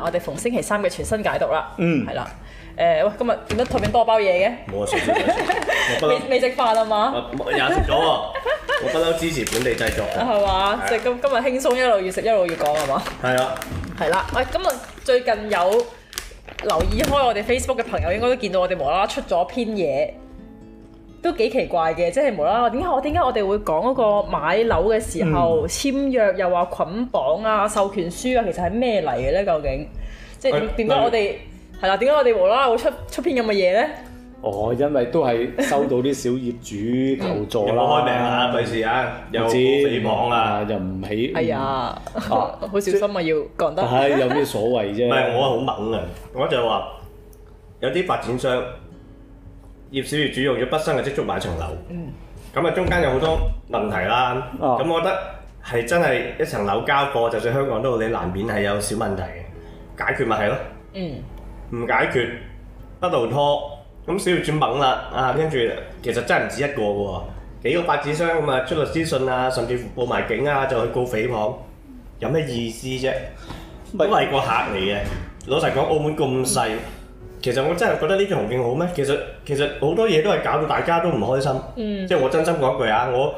我哋逢星期三嘅傳新解毒啦，嗯，係啦，誒，喂，今日點解枱面多包嘢嘅？冇啊，未食飯啊嘛，我也食咗喎，我不嬲支持本地製作，係嘛？即係今今日輕鬆一路要食一路要講，係嘛？係啊，係啦的，喂、哎，今日最近有留意開我哋 Facebook 嘅朋友，應該都見到我哋無啦啦出咗篇嘢。都幾奇怪嘅，即係無啦啦，點解我點解我哋會講嗰個買樓嘅時候、嗯、簽約又話捆綁啊、授權書啊，其實係咩嚟嘅咧？究竟即係點解我哋係啦？點解、哎、我哋無啦啦會出出篇咁嘅嘢咧？哦，因為都係收到啲小業主求助啦， 又開名、嗯哎、呀啊，費事啊，又冇地網啦，又唔起，係啊，好小心啊，要講得，係有咩所謂啫？唔我好猛啊！我就話有啲發展商，商。葉小月，主要用咗畢生嘅積蓄買層樓，咁啊、嗯、中間有好多問題啦，咁、啊、我覺得係真係一層樓交過，就算香港都你難免係有小問題嘅，解決咪係咯，唔、嗯、解決不道拖，咁小月轉猛啦，啊，跟住其實真係唔止一個喎，幾個發展商咁啊出律師信啊，甚至乎報埋警啊，就去告誹謗，有咩意思啫？都係個客嚟嘅，老實講澳門咁細。嗯嗯其實我真係覺得呢種環境好咩？其實其實好多嘢都係搞到大家都唔開心。嗯、即係我真心講一句啊，我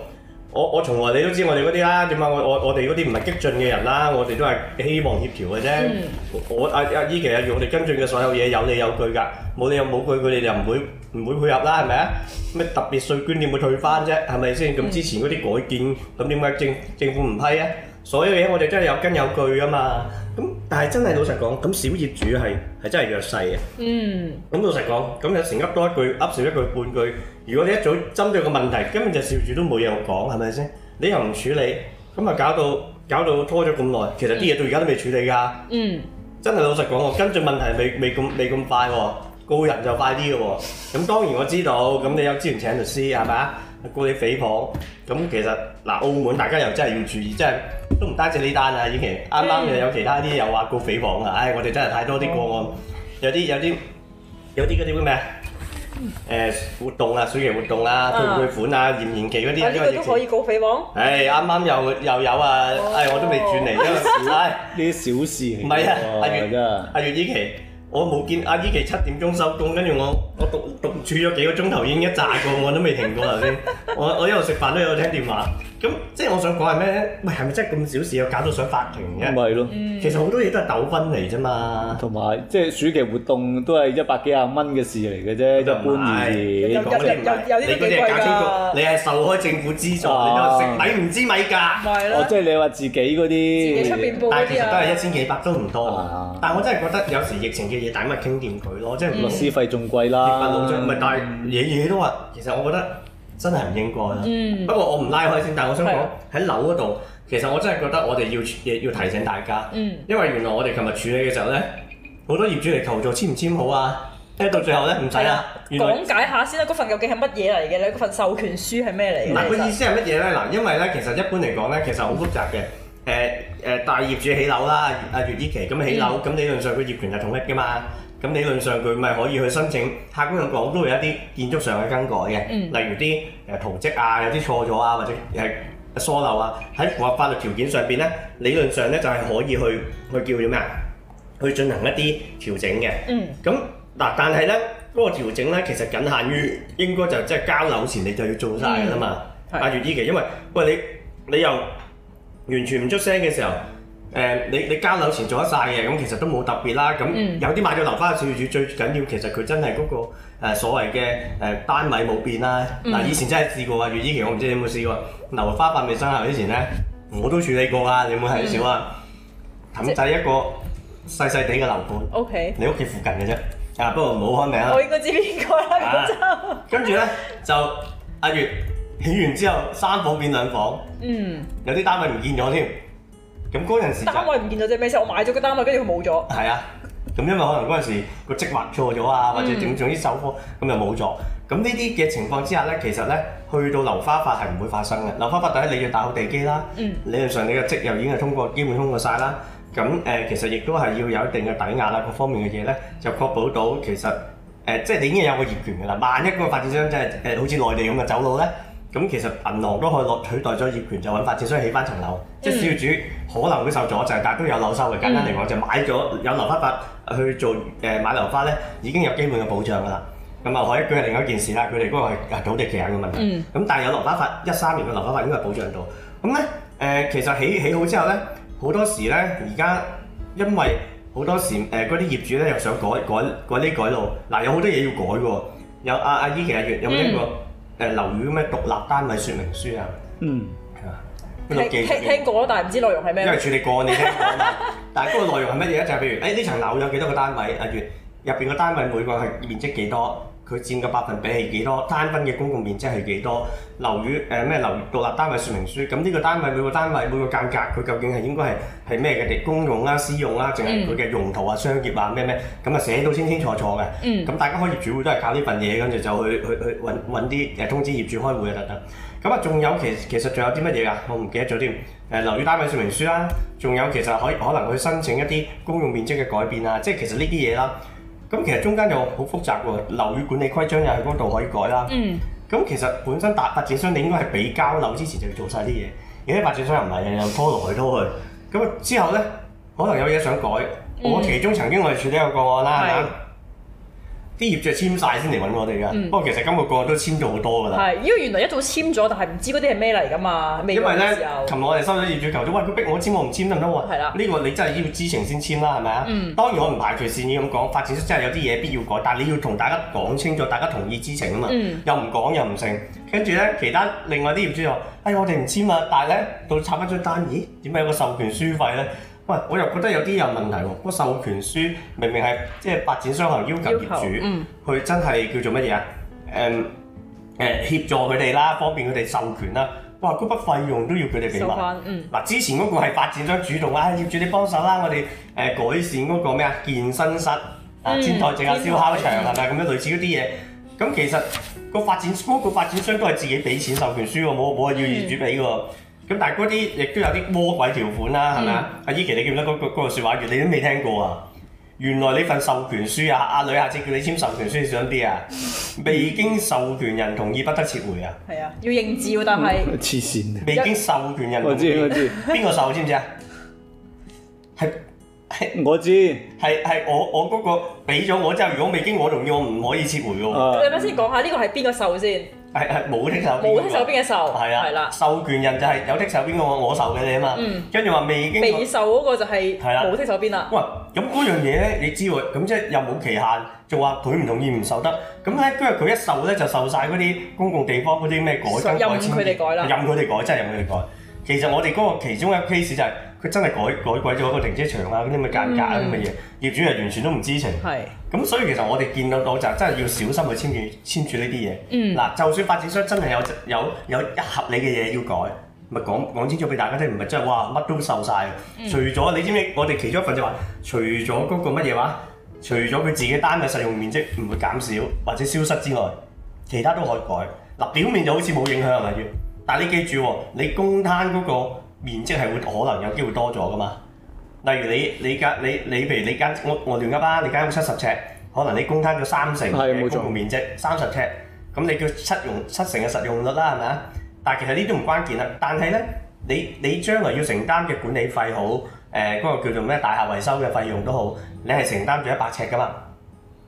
我我從來你都知我哋嗰啲啦，點解我我哋嗰啲唔係激進嘅人啦，我哋都係希望協調嘅啫、嗯。我阿阿姨其實用我哋跟進嘅所有嘢有理有據㗎，冇理有冇據，佢哋就唔會唔會配合啦，係咪啊？咩特別稅捐點會退翻啫？係咪先，咁之前嗰啲改建，咁點解政政府唔批啊？所有嘢我哋真係有根有據㗎嘛～但係真係的老實講，咁小業主係係真係弱勢嘅。嗯。咁老實講，咁有時噏多一句，噏少一句，一句半句。如果你一早針對個問題，根本就小業主都冇嘢講，係咪先？你又唔處理，咁啊搞到搞到拖咗咁耐，其實啲嘢到而家都未處理噶。嗯。真係老實講，我跟進問題未未咁未咁快喎，告人就快啲嘅喎。咁當然我知道，咁你有資源請律師係咪啊？告你誹謗。咁其實嗱，澳門大家又真係要注意，真係都唔單止呢單啊，以前啱啱又有其他啲又話告誹謗啊，唉我哋真係太多啲個案，有啲有啲有啲嗰啲咩啊？誒活動啊，暑期活動啊，退唔退款啊，延延期嗰啲，呢個都可以告誹謗。唉啱啱又又有啊，唉我都未轉嚟，因為呢啲小事唔係啊，阿月阿月依期。我冇見阿依琪七點鐘收工，跟住我我獨獨處咗幾個鐘頭，已經一扎過，我都未停過頭先。我一路食飯都有聽電話。咁即係我想講係咩咧？喂，係咪真係咁小事又搞到上法庭嘅？咪係咯，其實好多嘢都係糾紛嚟啫嘛。同埋即係暑期活動都係一百幾十蚊嘅事嚟嘅啫，都唔係。有有有啲都幾貴㗎。你嗰啲要搞清楚，你係受開政府資助，你食米唔知米價。唔係咯，即係你話自己嗰啲。自己出面報嗰啲啊。但係其實都係一千幾百都唔多。但係我真係覺得有時疫情嘅嘢，大家咪傾掂佢咯，即係律師費仲貴啦。但係嘢嘢都話，其實我覺得。真係唔應該啦。嗯、不過我唔拉開先，但係我想講喺樓嗰度，其實我真係覺得我哋要要提醒大家，嗯、因為原來我哋琴日處理嘅時候咧，好多業主嚟求助簽唔簽好啊，一到最後咧唔使啦。講、啊、來解下先啦，嗰份究竟係乜嘢嚟嘅咧？嗰份授權書係咩嚟？嘅、嗯？嗱實，個意思係乜嘢咧？嗱，因為咧，其實一般嚟講咧，其實好複雜嘅。誒誒、嗯，大、呃、業主起樓啦，阿葉依琪咁起樓，咁、嗯、理論上佢業權係同一嘅嘛？咁理論上佢咪可以去申請客？客觀嚟講都有一啲建築上嘅更改嘅，嗯、例如啲誒、呃、圖則啊，有啲錯咗啊，或者誒疏漏啊，喺符合法律條件上邊咧，理論上咧就係可以去去叫咩？啊？去進行一啲調整嘅。嗯。咁，但但係咧，嗰、嗰個調整咧，其實僅限於應該就即係交樓前你就要做晒㗎啦嘛。係、嗯。八月依期，因為喂你你又完全唔出聲嘅時候。誒、呃，你你交樓前做一晒嘅，咁其實都冇特別啦。咁有啲買咗樓花嘅小業主，最緊要其實佢真係嗰、嗰個、呃、所謂嘅誒、呃、單位冇變啦。嗱、嗯，以前真係試過啊，月以前我唔知你有冇試過樓花法未生效之前咧，我都處理過啊。你有冇睇少啊，氹仔、嗯、一個細細地嘅樓盤，okay, 你屋企附近嘅啫。啊，不過唔好開名啦。我應該知邊個啦？啊，啊 跟住咧就阿月起完之後，三房變兩房，嗯，有啲單位唔見咗添。咁嗰陣時，單位唔見到啫咩先？我買咗個單位，跟住佢冇咗。係啊，咁因為可能嗰陣時個積劃錯咗啊，或者總總之走火，咁、嗯、就冇咗。咁呢啲嘅情況之下咧，其實咧，去到樓花法係唔會發生嘅。樓花法第一你要打好地基啦，嗯、理論上你嘅積又已經係通過基本通過晒啦。咁誒、呃，其實亦都係要有一定嘅抵押啦，各方面嘅嘢咧，就確保到其實誒、呃，即係你已經有個業權㗎啦。萬一個發展商真係誒，好似內地咁嘅走佬咧，咁其實銀行都可以落取代咗業權，就揾發展商起翻層樓，即係業主。可能會受阻滯，但係都有樓收嘅，簡單嚟講就係買咗有樓花法，法去做誒、呃、買樓花咧，已經有基本嘅保障㗎啦。咁啊，可以舉係另一件事啦，佢哋嗰個係土地證嘅問題。咁、嗯、但係有樓花法一三年嘅樓花法應該係保障到。咁咧誒，其實起起好之後咧，好多時咧而家因為好多時誒嗰啲業主咧又想改改改，改改呢改路，嗱、呃、有好多嘢要改喎。有阿、啊、阿姨其實有冇呢個誒樓宇咩獨立單位說明書啊？嗯。聽聽，聽過但係唔知內容係咩。因為處理過你聽過， 但係嗰個內容係乜嘢咧？就係、是、譬如，誒、哎、呢層樓有幾多個單位？例如入邊個單位每個係面積幾多？佢佔嘅百分比係幾多？單分嘅公共面積係幾多？樓宇誒咩、啊、樓獨立單位說明書？咁呢個單位每個單位每個間隔佢究竟係應該係係咩嘅公用啊私用啊？淨係佢嘅用途啊商業啊咩咩？咁啊寫到清清楚楚嘅。咁、嗯、大家開業主會都係靠呢份嘢，跟住就去去去揾揾啲誒、uh, 通知業主開會啊得得。咁啊，仲有其其實仲有啲乜嘢㗎？我唔記得咗添。誒，樓宇單位說明書啦，仲有其實可可能去申請一啲公用面積嘅改變啊，即係其實呢啲嘢啦。咁其實中間有好複雜喎，樓宇管理規章又喺嗰度可以改啦。嗯。咁其實本身發發展商你應該係俾交樓之前就要做晒啲嘢，而啲發展商又唔係日日拖來拖去。咁 之後咧，可能有嘢想改，嗯、我其中曾經我哋處理一個，個案啦。係。啲業主簽晒先嚟揾我哋噶，嗯、不過其實今日個個都簽咗好多噶啦。係因為原來一早簽咗，但係唔知嗰啲係咩嚟噶嘛，未嘅時候。因為呢，琴日我哋收咗業主求，琴日喂佢逼我簽，我唔簽得唔得喎？係啦，呢個你真係要知情先簽啦，係咪啊？嗯、當然我唔排除善意咁講，發展商真係有啲嘢必要改，但係你要同大家講清楚，大家同意知情啊嘛。嗯、又唔講又唔成，跟住咧其他另外啲業主就話哎呀，我哋唔簽啊，但係咧到拆翻張單，咦，點解有個授權書費咧？我又覺得有啲有問題喎，個授權書明明係即係發展商要求業主去真係叫做乜嘢啊？誒、嗯、誒、嗯、協助佢哋啦，方便佢哋授權啦。哇，嗰筆費用都要佢哋俾埋。嗱，嗯、之前嗰個係發展商主動啊，業主你幫手啦，我哋誒改善嗰個咩啊健身室啊、台、嗯、整下燒烤場係咪咁樣？ 類似嗰啲嘢。咁其實個發展嗰、嗰個發展商都係自己俾錢授權書喎，冇冇話要業主俾喎。嗯咁但係嗰啲亦都有啲魔鬼條款啦，係咪啊？嗯、阿依琪，你記唔得嗰個嗰個説話句？你都未聽過啊？原來你份授權書啊，阿女下次叫你簽授權書你想啲啊！未經授權人同意不得撤回啊！係啊，要認字喎，但係黐線未經授權人同意，我知我知邊個授知唔知啊？係係，我知係係我我嗰 個俾咗我之後，如果未經我同意，我唔可以撤回嘅、啊、喎。咁、啊嗯、你啱先講下呢個係邊個授先？係係冇剔手邊，冇剔手邊嘅受係啊，係啦，授權人就係有剔手邊嘅我，我受嘅你啊嘛，跟住話未經未受嗰個就係冇剔手邊啦。喂，咁嗰樣嘢咧，你知道，咁即係又冇期限，就話佢唔同意唔受得。咁咧，跟住佢一受咧就受晒嗰啲公共地方嗰啲咩改跟改簽，任佢哋改啦，任佢哋改，真係任佢哋改。其實我哋嗰個其中一個 case 就係。佢真係改改改咗個停車場啊！嗰啲咁嘅間隔啊，咁嘅嘢、嗯，業主係完全都唔知情。係咁是，所以其實我哋見到到就真係要小心去簽住簽住呢啲嘢。嗯。嗱，就算發展商真係有有有一合理嘅嘢要改，咪講講清楚俾大家聽，唔係真係哇乜都受晒。嗯、除咗你知唔知？我哋其中一份就話、是，除咗嗰個乜嘢話，除咗佢自己的單嘅實用面積唔會減少或者消失之外，其他都可以改。嗱，表面就好似冇影響係咪先？但係你記住，你公攤嗰、那個。面積係會可能有機會多咗噶嘛，例如你你間你你譬如你間我我亂噏啦，你間屋七十尺，可能你公攤咗三成嘅公共面積，三十尺，咁你叫七用七成嘅實用率啦，係咪啊？但係其實呢啲唔關鍵啦。但係咧，你你將來要承擔嘅管理費好，誒嗰個叫做咩大廈維修嘅費用都好，你係承擔咗一百尺噶嘛？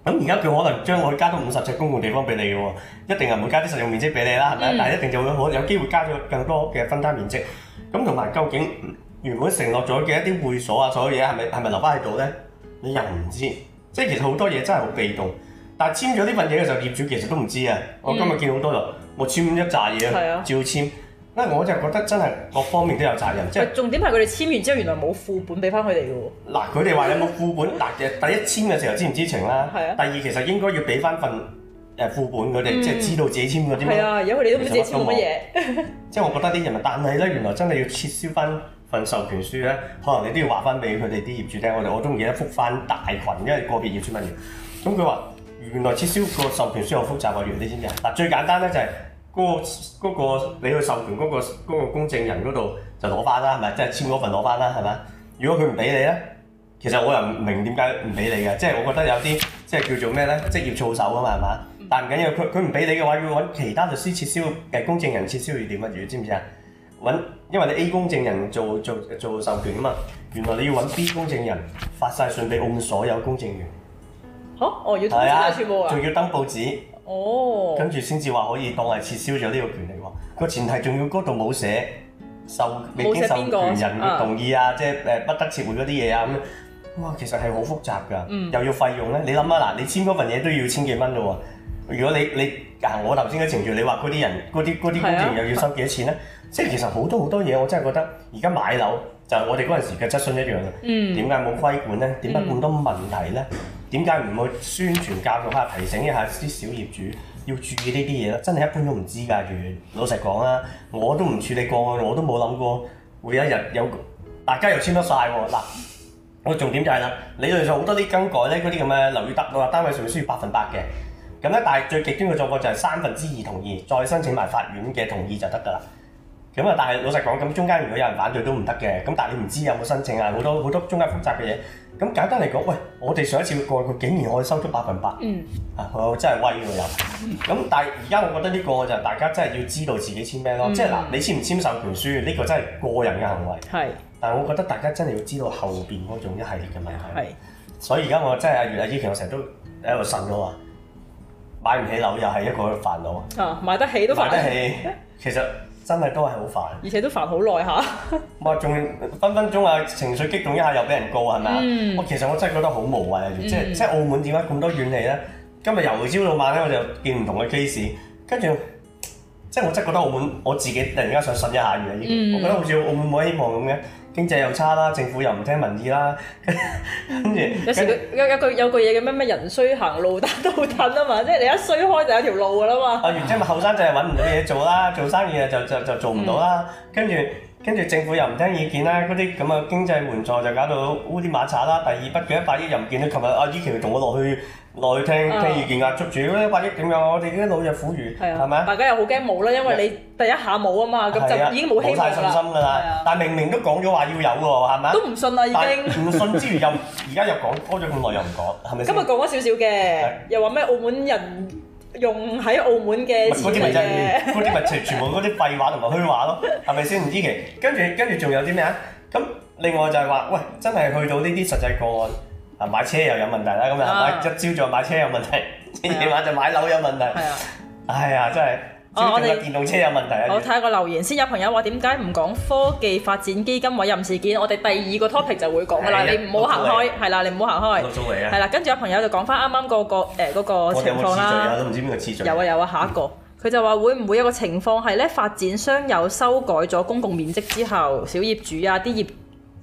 咁而家佢可能將可以加多五十尺公共地方俾你嘅喎，一定係會加啲實用面積俾你啦，係咪？但係一定就會好有機會加咗更多嘅分攤面積。咁同埋究竟原本承諾咗嘅一啲會所啊，所有嘢係咪係咪留翻喺度咧？你又唔知，即係其實好多嘢真係好被動。但係簽咗呢份嘢嘅時候，業主其實都唔知啊。我今日見好多咯，嗯、我簽一紮嘢，啊？照簽。啊，我就覺得真係各方面都有責任。即係重點係佢哋簽完之後，原來冇副本俾翻佢哋嘅。嗱，佢哋話有冇副本？嗱，第一簽嘅時候知唔知情啦？係啊。第二其實應該要俾翻份。誒，副本佢哋，嗯、即係知道自己簽嗰啲。係啊，因為你都唔知佢做乜嘢。 即係我覺得啲人，但係咧，原來真係要撤銷翻份授權書咧，可能你都要話翻俾佢哋啲業主聽。我哋我都唔意得覆翻大群，因為個別業主乜嘢。咁佢話原來撤銷個授權書好複雜喎，要啲簽字。嗱，最簡單咧就係、是、嗰、嗰個嗰個你去授權嗰、嗰個嗰個公證人嗰度就攞翻啦，係咪即係簽嗰份攞翻啦，係咪？如果佢唔俾你咧，其實我又唔明點解唔俾你嘅，即係我覺得有啲即係叫做咩咧，職業操守啊嘛，係咪？但唔緊要，佢佢唔俾你嘅話，要揾其他律師撤銷誒公證人撤銷要點乜嘢？知唔知啊？揾因為你 A 公證人做做做授權啊嘛，原來你要揾 B 公證人發晒信俾澳門所有公證員。嚇、啊！哦，要登晒全部人，仲、啊、要登報紙。哦，跟住先至話可以當係撤銷咗呢個權利喎。個前提仲要嗰度冇寫未經授權人嘅同意啊，啊即係誒不得撤回嗰啲嘢啊咁。哇，其實係好複雜㗎，嗯、又要費用咧。你諗下，嗱，你簽嗰份嘢都要千幾蚊㗎喎。如果你你，嗱，我頭先嘅情節，你話嗰啲人嗰啲啲工程又要收幾多錢咧？ 即係其實好多好多嘢，我真係覺得而家買樓就係、我哋嗰陣時嘅質素一樣啊。點解冇規管咧？點解咁多問題咧？點解唔去宣傳、教育下、提醒一下啲小業主要注意呢啲嘢咧？真係一般都唔知㗎，完全老實講啊！我都唔處理個案，我都冇諗過會有一日有大家又簽得晒喎，嗱。我重點就係、係、啦，你哋就好多啲更改咧，嗰啲咁嘅留意搭落嚟單位上面需要百分百嘅。咁咧，但係最極端嘅做法就係三分之二同意，再申請埋法院嘅同意就得噶啦。咁啊，但係老實講，咁中間如果有人反對都唔得嘅。咁但係你唔知有冇申請啊？好多好多中間複雜嘅嘢。咁簡單嚟講，喂，我哋上一次過去，佢竟然可以收足百分百，啊，我真係威㗎又。咁但係而家我覺得呢個就大家真係要知道自己簽咩咯。即係嗱，你簽唔簽授權書呢個真係個人嘅行為。係。但係我覺得大家真係要知道後邊嗰種一系列嘅問題。係。所以而家我真係阿月、阿以琪，我成日都喺度呻㗎嘛。買唔起樓又係一個煩惱。啊，買得起都煩。買得起，咩？其實真係都係好煩。而且都煩好耐嚇。我仲分分鐘啊，情緒激動一下又俾人告係咪？嗯、我其實我真係覺得好無謂，即係嗯、即係即係澳門點解咁多怨氣咧？今日由朝到晚咧，我就見唔同嘅 case，跟住即係我真係覺得澳門我自己突然間想呻一下嘅，已經，嗯、我覺得好似澳門冇希望咁樣。經濟又差啦，政府又唔聽民意啦，跟住有時有有句有句嘢叫咩咩人衰行路打倒褪啊嘛，即係你一衰開就有條路噶啦嘛。啊，然之後後生仔又揾唔到嘢做啦，做生意又就就就做唔到啦，跟住跟住政府又唔聽意見啦，嗰啲咁嘅經濟援助就搞到烏啲馬賊啦。第二筆嘅一百億又唔見啦，琴日阿依奇同我落去。嚟聽聽意見啊，捉住嗰啲百億點樣？我哋啲老弱婦孺係咪？嗯啊、吧大家又好驚冇啦，因為你第一下冇啊嘛，咁就已經冇希望啦。啊啊、但明明都講咗話要有喎，係咪？都唔信啦，已經。唔信之餘 又而家又講，拖咗咁耐又唔講，係咪？今日講咗少少嘅，又話咩澳門人用喺澳門嘅。啲咪真嘅？啲咪、就係、全部嗰啲廢話同埋虛話咯，係咪先？唔 知嘅。跟住跟住仲有啲咩啊？咁另外就係、係、話，喂，真係去到呢啲實際個案。買車又有問題啦，咁日買一朝早買車有問題，夜晚就買樓有問題，哎呀真係！我我哋電動車有問題啊！我睇下個留言先，有朋友話點解唔講科技發展基金委任事件？我哋第二個 topic 就會講噶啦，你唔好行開，係啦，你唔好行開。個作為啊！係啦，跟住有朋友就講翻啱啱嗰個誒嗰個情況啦。有冇黐墜啊？都唔知邊個黐墜。有啊有啊，下一個佢就話會唔會有個情況係咧？發展商有修改咗公共面積之後，小業主啊啲業。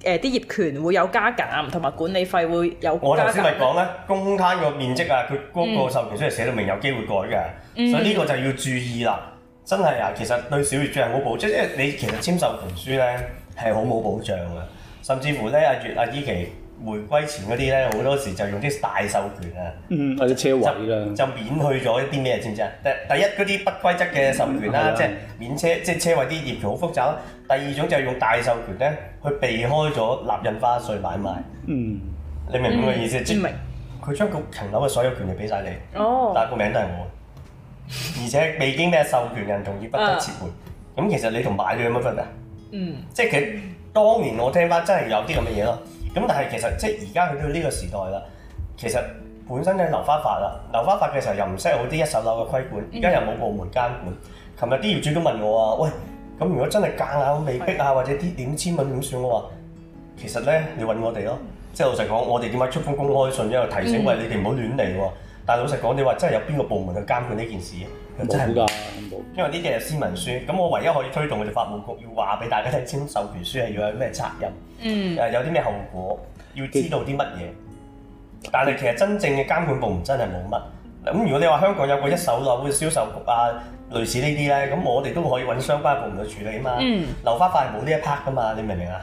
誒啲、呃、業權會有加減，同埋管理費會有。我頭先咪講咧，公攤個面積啊，佢嗰個授權書係寫到明有機會改嘅，嗯、所以呢個就要注意啦。真係啊，其實對小業主係好冇，即係你其實簽授權書咧係好冇保障嘅，甚至乎咧阿月、阿啲琪。回歸前嗰啲咧，好多時就用啲大授權啊，或者車位就免去咗一啲咩，知唔知啊？第第一嗰啲不規則嘅授權啦，即係免車，即係車位啲業權好複雜。第二種就係用大授權咧，去避開咗立印花稅買賣。嗯，你明唔明我意思？明，佢將個層樓嘅所有權利俾晒你，但係個名都係我，而且未經咩授權人同意不得撤回。咁其實你同買咗有乜分別啊？嗯，即係其實當年我聽翻真係有啲咁嘅嘢咯。咁但係其實即係而家去到呢個時代啦，其實本身咧留花法啦，留花法嘅時候又唔識好啲一,一手樓嘅規管，而家又冇部門監管。琴日啲業主都問我話，喂，咁如果真係夾硬未逼啊，或者啲點簽文點算？我話其實咧，你揾我哋咯。即係老實講，我哋點解出封公開信一路提醒，喂、嗯，你哋唔好亂嚟喎。但係老實講，你話真係有邊個部門去監管呢件事？真係㗎，啊、因為啲嘢係私文書，咁我唯一可以推動嘅就法務局要話俾大家聽，簽授權書係要有咩責任，誒、嗯、有啲咩後果，要知道啲乜嘢。嗯、但係其實真正嘅監管部門真係冇乜。咁如果你話香港有個一手樓嘅銷售局啊，類似呢啲咧，咁我哋都可以揾相關部門去處理啊嘛。嗯。樓花法係冇呢一 part 㗎嘛，你明唔明啊？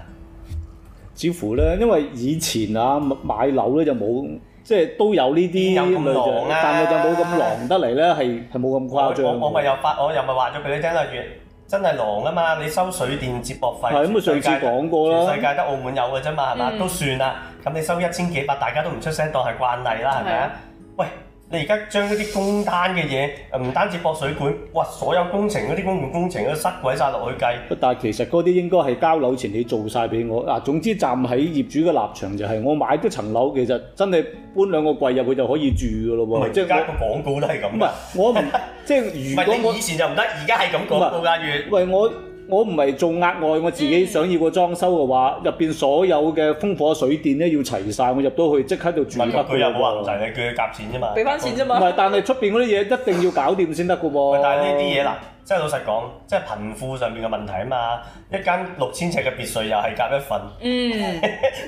似乎咧，因為以前啊買樓咧就冇。即係都有呢啲，有咁狼，但係就冇咁狼得嚟咧，係係冇咁誇張。我咪又發，我又咪話咗佢哋聽啦，越，真係狼啊嘛！你收水電接駁費，係咪上次講過啦？全世界得澳門有嘅啫嘛，係嘛？嗯，都算啦。咁你收一千幾百，大家都唔出聲，當係慣例啦，係咪啊？的喂。你而家將嗰啲工單嘅嘢，唔單止駁水管，哇！所有工程嗰啲公共工程都塞鬼晒落去計。但但其實嗰啲應該係交樓前你做晒俾我。嗱，總之站喺業主嘅立場就係，我買咗層樓，其實真係搬兩個櫃入去就可以住嘅咯喎。即係加個廣告都係咁啊！我唔 即係如果以前就唔得，而家係咁講告間遠。喂是我。我唔係做額外，我自己想要個裝修嘅話，入邊所有嘅風火水電咧要齊晒。我入到去即刻就轉發佢。問佢有冇話？係啊，佢要夾錢啫嘛，俾翻錢啫嘛。唔係，但係出邊嗰啲嘢一定要搞掂先得嘅喎。嗯、但係呢啲嘢嗱，即係老實講，即係貧富上面嘅問題啊嘛。一間六千尺嘅別墅又係夾一份。嗯。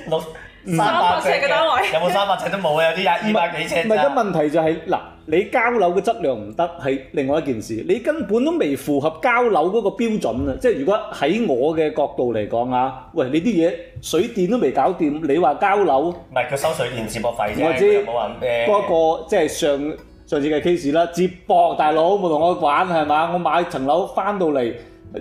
六。 三百尺嘅單位有冇三百尺都冇啊！有啲一百幾尺。唔係嘅問題就係嗱，你交樓嘅質量唔得係另外一件事，你根本都未符合交樓嗰個標準啊！即係如果喺我嘅角度嚟講啊，喂，你啲嘢水電都未搞掂，你話交樓？唔係佢收水電接駁費啫。我知。冇話誒，嗰個即係上上次嘅 case 啦，接駁大佬冇同我玩係嘛？我買層樓翻到嚟，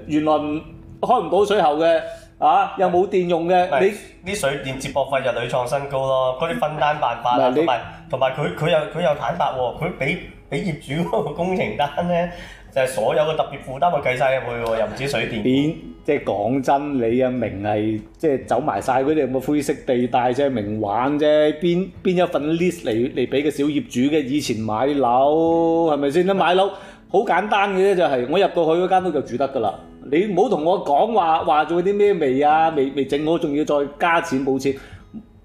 原來開唔到水喉嘅。啊！又冇電用嘅，你啲水電接駁費就屢創新高咯。嗰啲分單辦法啊，同埋同埋佢佢又佢又坦白喎，佢俾俾業主嗰個工程單咧，就係所有嘅特別負擔咪計曬入去喎，又唔止水電。邊即係講真，你阿明係即係走埋曬嗰啲咁嘅灰色地帶啫，明玩啫，邊邊有份 list 嚟嚟俾個小業主嘅？以前買樓係咪先咧？買樓好簡單嘅啫，就係我入過去嗰間屋就住得㗎啦。你唔好同我講話話，做啲咩未啊？未未整好，仲要再加錢補貼，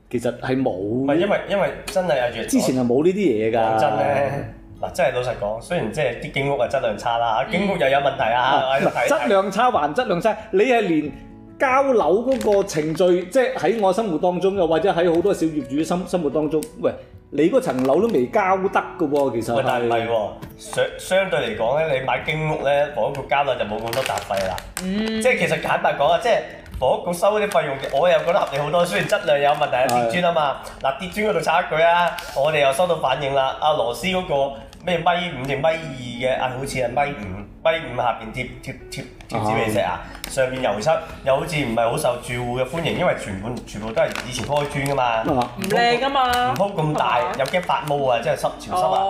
其實係冇。唔係因為因為真係啊，之前係冇呢啲嘢㗎。講真咧，嗱真係老實講，雖然即係啲景屋啊質量差啦，景屋又有問題啊。嗱、嗯，看看質量差還質量差，你係連交樓嗰個程序，即係喺我生活當中，又或者喺好多小業主心生活當中，喂，你嗰層樓都未交得嘅喎、哦，其實。喂、哦，但係相相對嚟講咧，你買經屋咧，房屋局交啦就冇咁多雜費啦。嗯。即係其實簡白講啊，即係房屋局收嗰啲費用，我又覺得合理好多。雖然質量有問題啊是，跌磚啊嘛。嗱，跌磚嗰度插一句啊，我哋又收到反應啦。阿羅斯嗰個咩米五定米二嘅，啊，好似係米五。碑五下邊貼貼貼貼紙皮石啊，上邊油漆又好似唔係好受住戶嘅歡迎，因為全款全部都係以前鋪磚噶嘛，靚啊嘛，唔鋪咁大又驚發毛啊，即係濕潮濕啊，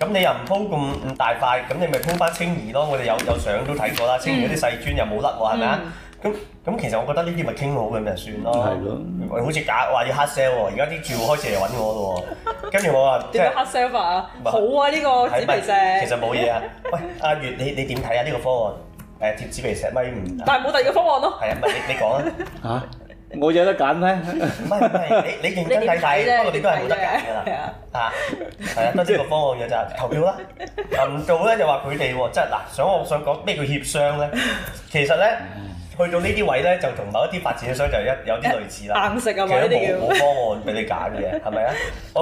咁、哦、你又唔鋪咁咁大塊，咁你咪鋪翻青磚咯，我哋有有相都睇過啦，青磚啲細磚又冇甩喎，係咪啊？是咁咁其實我覺得呢啲咪傾好佢咪算咯，係咯，好似假話要黑 sell 而家啲住戶開始嚟揾我嘞喎，跟住我話點樣黑 sell 啊？好啊呢個紙皮石，其實冇嘢啊。喂，阿月你你點睇啊？呢個方案誒貼紙皮石米五，但係冇第二個方案咯。係啊，咪你你講啊？嚇，冇嘢得揀咩？唔係唔係，你你認真睇睇，不過你都係冇得揀㗎啦。啊，係啊，得呢個方案嘅就係投票啦。唔做咧就話佢哋喎，即係嗱想我想講咩叫協商咧，其實咧。去到呢啲位咧，就同某一啲發展商就一有啲類似啦。顏色其實冇冇方案俾你揀嘅，係咪啊？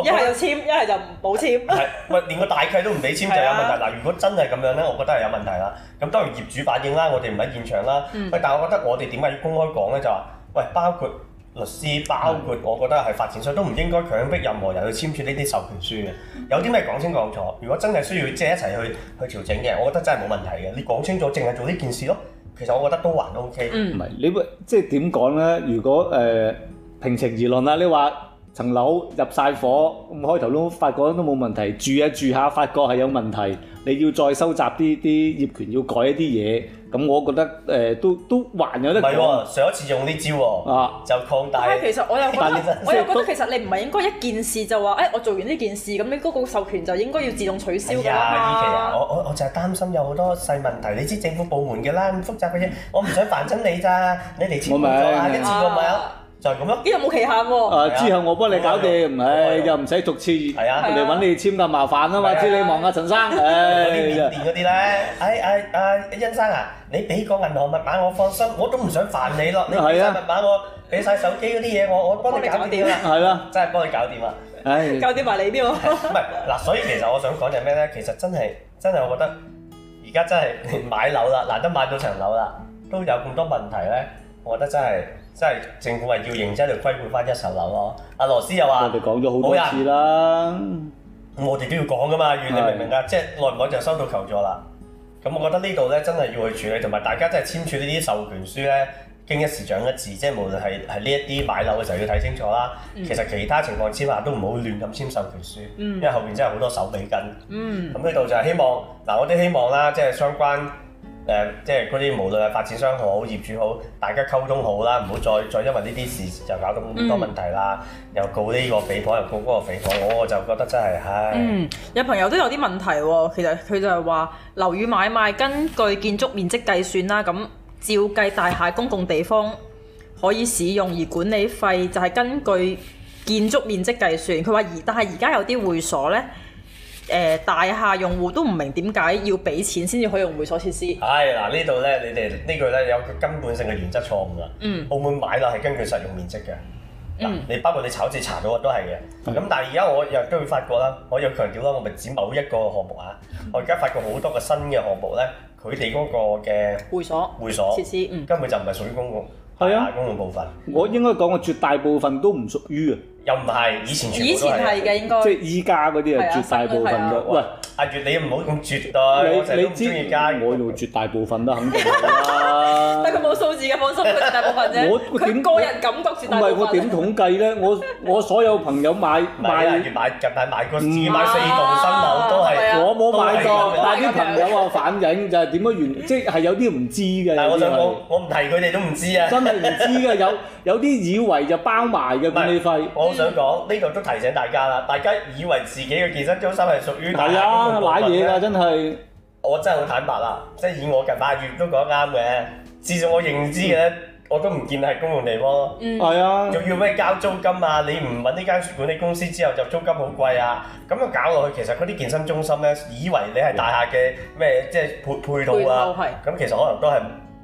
一係 就簽，一係就冇簽。係，喂，連個大契都唔俾簽就有問題。嗱，如果真係咁樣咧，我覺得係有問題啦。咁當然業主反映啦，我哋唔喺現場啦。喂、嗯，但係我覺得我哋點解要公開講咧？就話，喂，包括律師，包括我覺得係發展商都唔應該強逼任何人去簽署呢啲授權書嘅。有啲咩講清講楚？如果真係需要即係一齊去去調整嘅，我覺得真係冇問題嘅。你講清楚，淨係做呢件事咯。其實我覺得都還 O K。唔係、嗯、你會，即係點講咧？如果誒、呃、平情而論啊，你話層樓入晒火咁，開頭都發覺都冇問題，住一住下發覺係有問題，你要再收集啲啲業權，要改一啲嘢。咁、嗯、我覺得誒、呃、都都還有啲，唔係喎，上一次用呢招喎，啊、就擴大。其實我又覺得， 我又覺得其實你唔係應該一件事就話，誒、哎、我做完呢件事咁你嗰個授權就應該要自動取消㗎啦、啊哎。啊，我我，我就係擔心有好多細問題，你知政府部門嘅啦，咁複雜嘅嘢，我唔想煩親你咋， 你嚟前邊做下跟住我咪有。就係咁樣，啲有冇期限喎。誒，之後我幫你搞掂，誒又唔使逐次嚟揾你簽，咁麻煩啊嘛，知你忙啊，陳生，誒嗰啲面面嗰啲咧，誒誒誒，欣生啊，你俾個銀行密碼我放心，我都唔想煩你咯，你俾曬密碼我，俾曬手機嗰啲嘢我，我幫你搞掂啦，係啦，真係幫你搞掂啊，誒，搞掂埋你添喎。唔係嗱，所以其實我想講就係咩咧？其實真係真係，我覺得而家真係連買樓啦，難得買到層樓啦，都有咁多問題咧，我覺得真係。即係政府話要認真去規管翻一手樓咯，阿羅斯又話，我哋講咗好多次啦、oh yeah, 嗯，我哋都要講噶嘛，是你明唔明啊？即、就、係、是、內港就收到求助啦。咁我覺得呢度咧真係要去處理，同埋大家真係簽署呢啲授權書咧，經一事長一智，即係無論係係呢一啲買樓嘅時候要睇清楚啦。其實其他情況之下都唔好亂咁簽授權書，mm，因為後邊真係好多手尾跟。嗯，咁呢度就係希望嗱，我哋希望啦，即係相關。誒，即係嗰啲無論係發展商好、業主好，大家溝通好啦，唔好再再因為呢啲事就搞到咁多問題啦、嗯，又告呢個匪房又告嗰個匪房，我就覺得真係係。唉嗯，有朋友都有啲問題喎、哦，其實佢就係話樓宇買賣根據建築面積計算啦，咁照計大廈公共地方可以使用，而管理費就係根據建築面積計算。佢話而但係而家有啲會所咧。誒、呃、大廈用戶都唔明點解要俾錢先至可以用會所設施。係嗱、哎、呢度咧，你哋呢句咧有個根本性嘅原則錯誤啦。嗯，澳門買樓係根據實用面積嘅。嗯，你包括你炒字查到嘅都係嘅。咁的但係而家我又都會發覺啦，我又強調啦，我咪指某一個項目啊。嗯、我而家發覺好多個新嘅項目咧，佢哋嗰個嘅會所會所設施、嗯、根本就唔係屬於公共係啊公共部分。嗯、我應該講我絕大部分都唔屬於啊。又唔係，以前全部都係。係嘅，應該即係依家嗰啲啊，絕大部分都喂。阿月，你唔好咁絕對。你你知而家我用絕大部分都肯定啦。但係佢冇數字嘅，放心佢大部分啫。我點個人感覺絕大部分。唔係我點統計咧？我我所有朋友買買入買入買個字買四棟新樓都係。我冇買過，但係啲朋友啊反映就係點樣完，即係有啲唔知嘅。但係我想講，我唔提佢哋都唔知啊。真係唔知㗎，有有啲以為就包埋嘅管理費。我好想講呢個都提醒大家啦，大家以為自己嘅健身中心係屬於係啊。瀨嘢啦，真係是！我真係好坦白啦，即係以我近八月都講啱嘅，至少我認知嘅，嗯、我都唔見係公用地方。嗯，係啊。仲要咩交租金啊？你唔揾呢間管理公司之後，就租金好貴啊！咁樣搞落去，其實嗰啲健身中心咧，以為你係大廈嘅咩，即係配配套啊。配咁套其實可能都係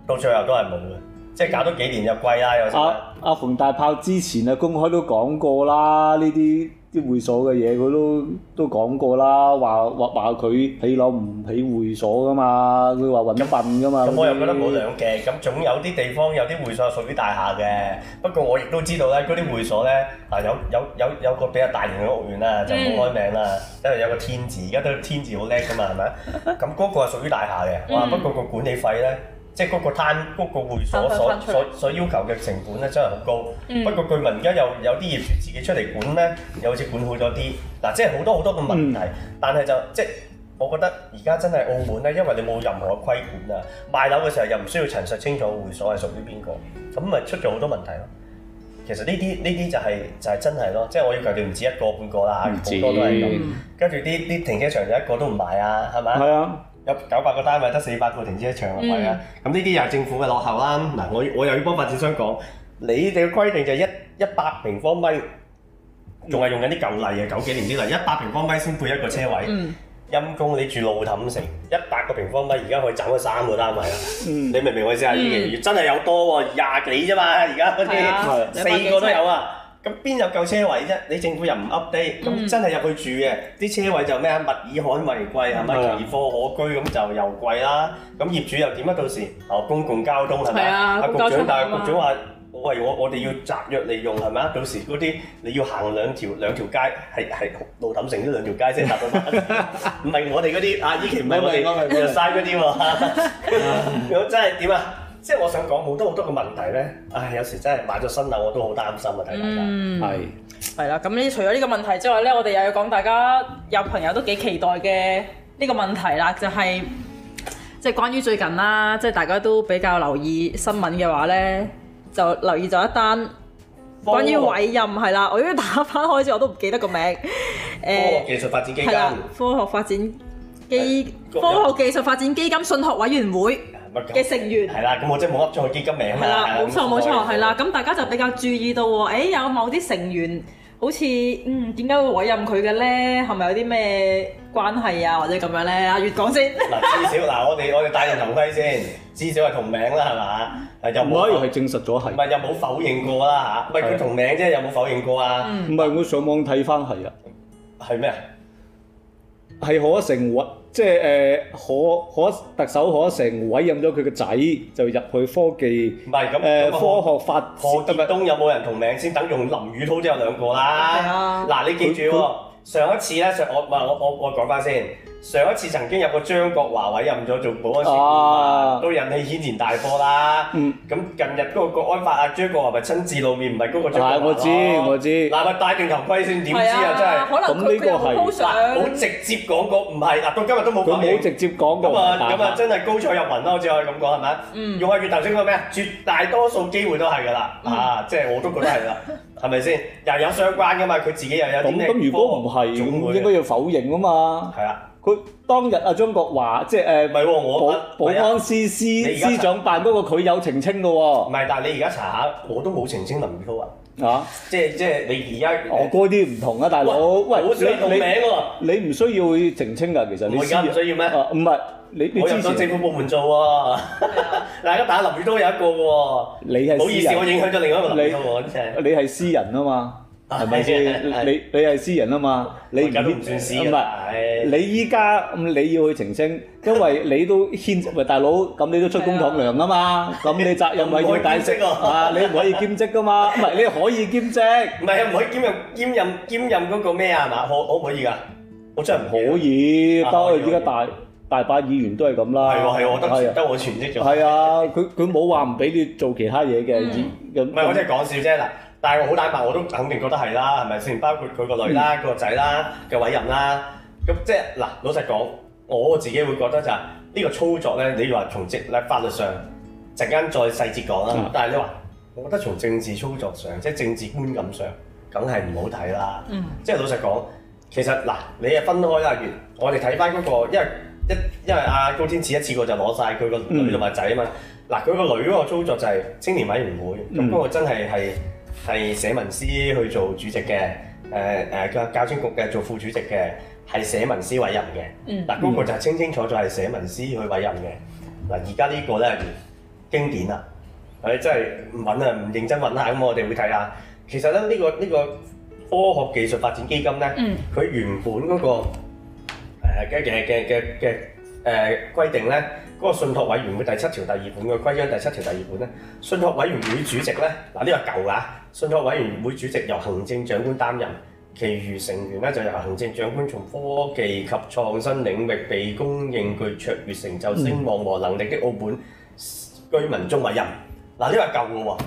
到最後都係冇嘅，即係搞多幾年就貴啦、啊，有時、啊。阿、啊、馮大炮之前啊，公開都講過啦，呢啲。啲會所嘅嘢，佢都都講過啦，話話話佢起樓唔起會所噶嘛，佢話揾笨噶嘛嗰啲。咁我又覺得冇兩嘅，咁總有啲地方有啲會所係屬於大廈嘅。不過我亦都知道咧，嗰啲會所咧，嗱有有有有個比較大型嘅屋苑啊，就好開名啦，因為有個天字，而家都天字好叻噶嘛，係咪啊？咁嗰個係屬於大廈嘅，哇！不過個管理費咧。即係嗰個攤嗰、嗰個會所所所所要求嘅成本咧，真係好高。嗯、不過據聞而家又有啲業主自己出嚟管咧，又好似管好咗啲。嗱，即係好多好多嘅問題，嗯、但係就即係我覺得而家真係澳門咧，因為你冇任何規管啊，賣樓嘅時候又唔需要陳述清楚會所係屬於邊個，咁咪出咗好多問題咯。其實呢啲呢啲就係、係、就係、係、真係咯，即係我要求唔止一個半個啦，好多都係咁。跟住啲啲停車場就一個都唔賣啊，係咪啊？係啊、嗯。有九百個單位，得四百個停車場，唔係啊！咁呢啲又係政府嘅落後啦。嗱，我我又要幫發展商講，你哋嘅規定就係一一百平方米，仲係用緊啲舊例啊。嗯、九幾年啲例，一百平方米先配一個車位。嗯、陰公，你住路氹城，一百個平方米而家可以走開三個單位啊！嗯、你明唔明我意思啊？呢年月真係有多喎、哦，廿幾啫嘛，而家嗰啲四個都有啊！嗯咁邊有夠車位啫？你政府又唔 update，咁真係入去住嘅，啲車位就咩啊？物以罕為貴係咪？奇貨可居咁就又貴啦。咁業主又點啊？到時啊公共交通係咪啊局？局長但係局長話：喂我我哋要集約利用係咪啊？到時嗰啲你要行兩條兩條街，係係路氹城呢兩條街先搭到翻。唔係 我哋嗰啲阿姨唔喺個地方，咪就嘥嗰啲喎。如果真係點啊？即係我想講好多好多個問題呢。唉，有時真係買咗新樓我都好擔心啊！睇大家係係啦，咁呢是除咗呢個問題之外呢，我哋又要講大家有朋友都幾期待嘅呢個問題啦，就係即係關於最近啦，即係大家都比較留意新聞嘅話呢，就留意咗一單關於委任係啦學，我依家打翻開始我都唔記得個名，誒、欸，科學技術發展基金，係啦，科學發展基科學技術發展基金信託委員會。嘅成員係啦，咁我即係冇噏咗佢基金名啊嘛，係啦，冇錯冇錯，係啦，咁大家就比較注意到喎，誒有某啲成員好似嗯點解會委任佢嘅咧？係咪有啲咩關係啊或者咁樣咧？阿月講先。嗱，至少嗱，我哋我哋戴頭盔先，至少係同名啦，係嘛？又冇可以去證實咗係，唔係又冇否認過啦嚇，咪叫同名啫，有冇否認過啊？唔係我上網睇翻係啊，係咩？係可成活。即係誒、呃、可可特首可成委任咗佢個仔就入去科技，唔係咁誒科學發何建東有冇人同名先？等用林宇滔都有兩個啦。嗱、啊啊，你記住喎，他哦、上一次咧上我唔係我我我講翻先。上一次曾經有個張國華委任咗做保安司都引起軒然大波啦。咁近日嗰個國安法阿張國華咪親自露面，唔係嗰個張國華。我知我知。嗱，咪戴定頭盔先，點知啊？真係可能咁呢個係好直接講過，唔係嗱，到今日都冇反應。冇直接講過咁啊，真係高彩入雲咯，我只可以咁講係咪用下月頭先個咩啊？絕大多數機會都係㗎啦，啊，即係我都覺得係啦，係咪先？又有相關㗎嘛，佢自己又有啲咩咁如果唔係咁，應該要否認啊嘛。係啊。佢當日啊，張國華即係誒，唔係我保安司司司長辦嗰個佢有澄清嘅喎。唔係，但係你而家查下，我都冇澄清林宇超啊。啊，即係即係你而家哦，嗰啲唔同啊，大佬喂，好需要用名喎。你唔需要澄清㗎，其實你而家唔需要咩？唔係，你你之前政府部門做啊。大家打林宇都有一個喎。你係冇意思，我影響咗另外一個喎，啲嘢。你係私人啊嘛。係咪先？你你係私人啊嘛？你唔兼唔算私嘅。唔係，你依家咁你要去澄清，因為你都牽涉咪大佬，咁你都出公帑糧啊嘛。咁你責任咪要解釋啊？你唔可以兼職㗎嘛？唔係，你可以兼職。唔係啊，唔可以兼任兼任兼任嗰個咩啊？嗱，可可唔可以㗎？我真係唔可以，因為依家大大把議員都係咁啦。係喎係喎，我覺得得我全職做。係啊，佢佢冇話唔俾你做其他嘢嘅，咁。唔係我真係講笑啫嗱。但係我好坦白，我都肯定覺得係啦，係咪先？包括佢個女啦、個仔啦嘅委任啦，咁即係嗱，老實講，我自己會覺得就係、是、呢、這個操作咧。你話從法律上，陣間再細節講啦。嗯、但係你話，我覺得從政治操作上，即係政治觀感上，梗係唔好睇啦。嗯、即係老實講，其實嗱，你啊分開啦原，我哋睇翻嗰個，因為一因為阿高天賜一次過就攞晒佢個女同埋仔啊嘛。嗱、嗯，佢個女嗰個操作就係青年委員會，咁、那、嗰個真係係。嗯係社文司去做主席嘅，誒、呃、誒，佢教青局嘅做副主席嘅，係社文司委任嘅。嗱、嗯，嗰、嗯、個就係清清楚楚，係社文司去委任嘅。嗱，而家呢個咧經典啦，或者真係唔揾啊，唔認真揾下咁，我哋會睇下。其實咧，呢、呢個呢、呢個科學技術發展基金咧，佢、嗯、原本嗰、嗰個嘅嘅嘅嘅誒規定咧。嗰個信託委員會第七條第二款嘅規章，第七條第二款咧，信託委員會主席咧，嗱呢個舊㗎，信託委員會主席由行政長官擔任，其餘成員咧就由行政長官從科技及創新領域被公認具卓越成就、聲望和能力的澳門居民中委任。嗱呢個舊嘅喎，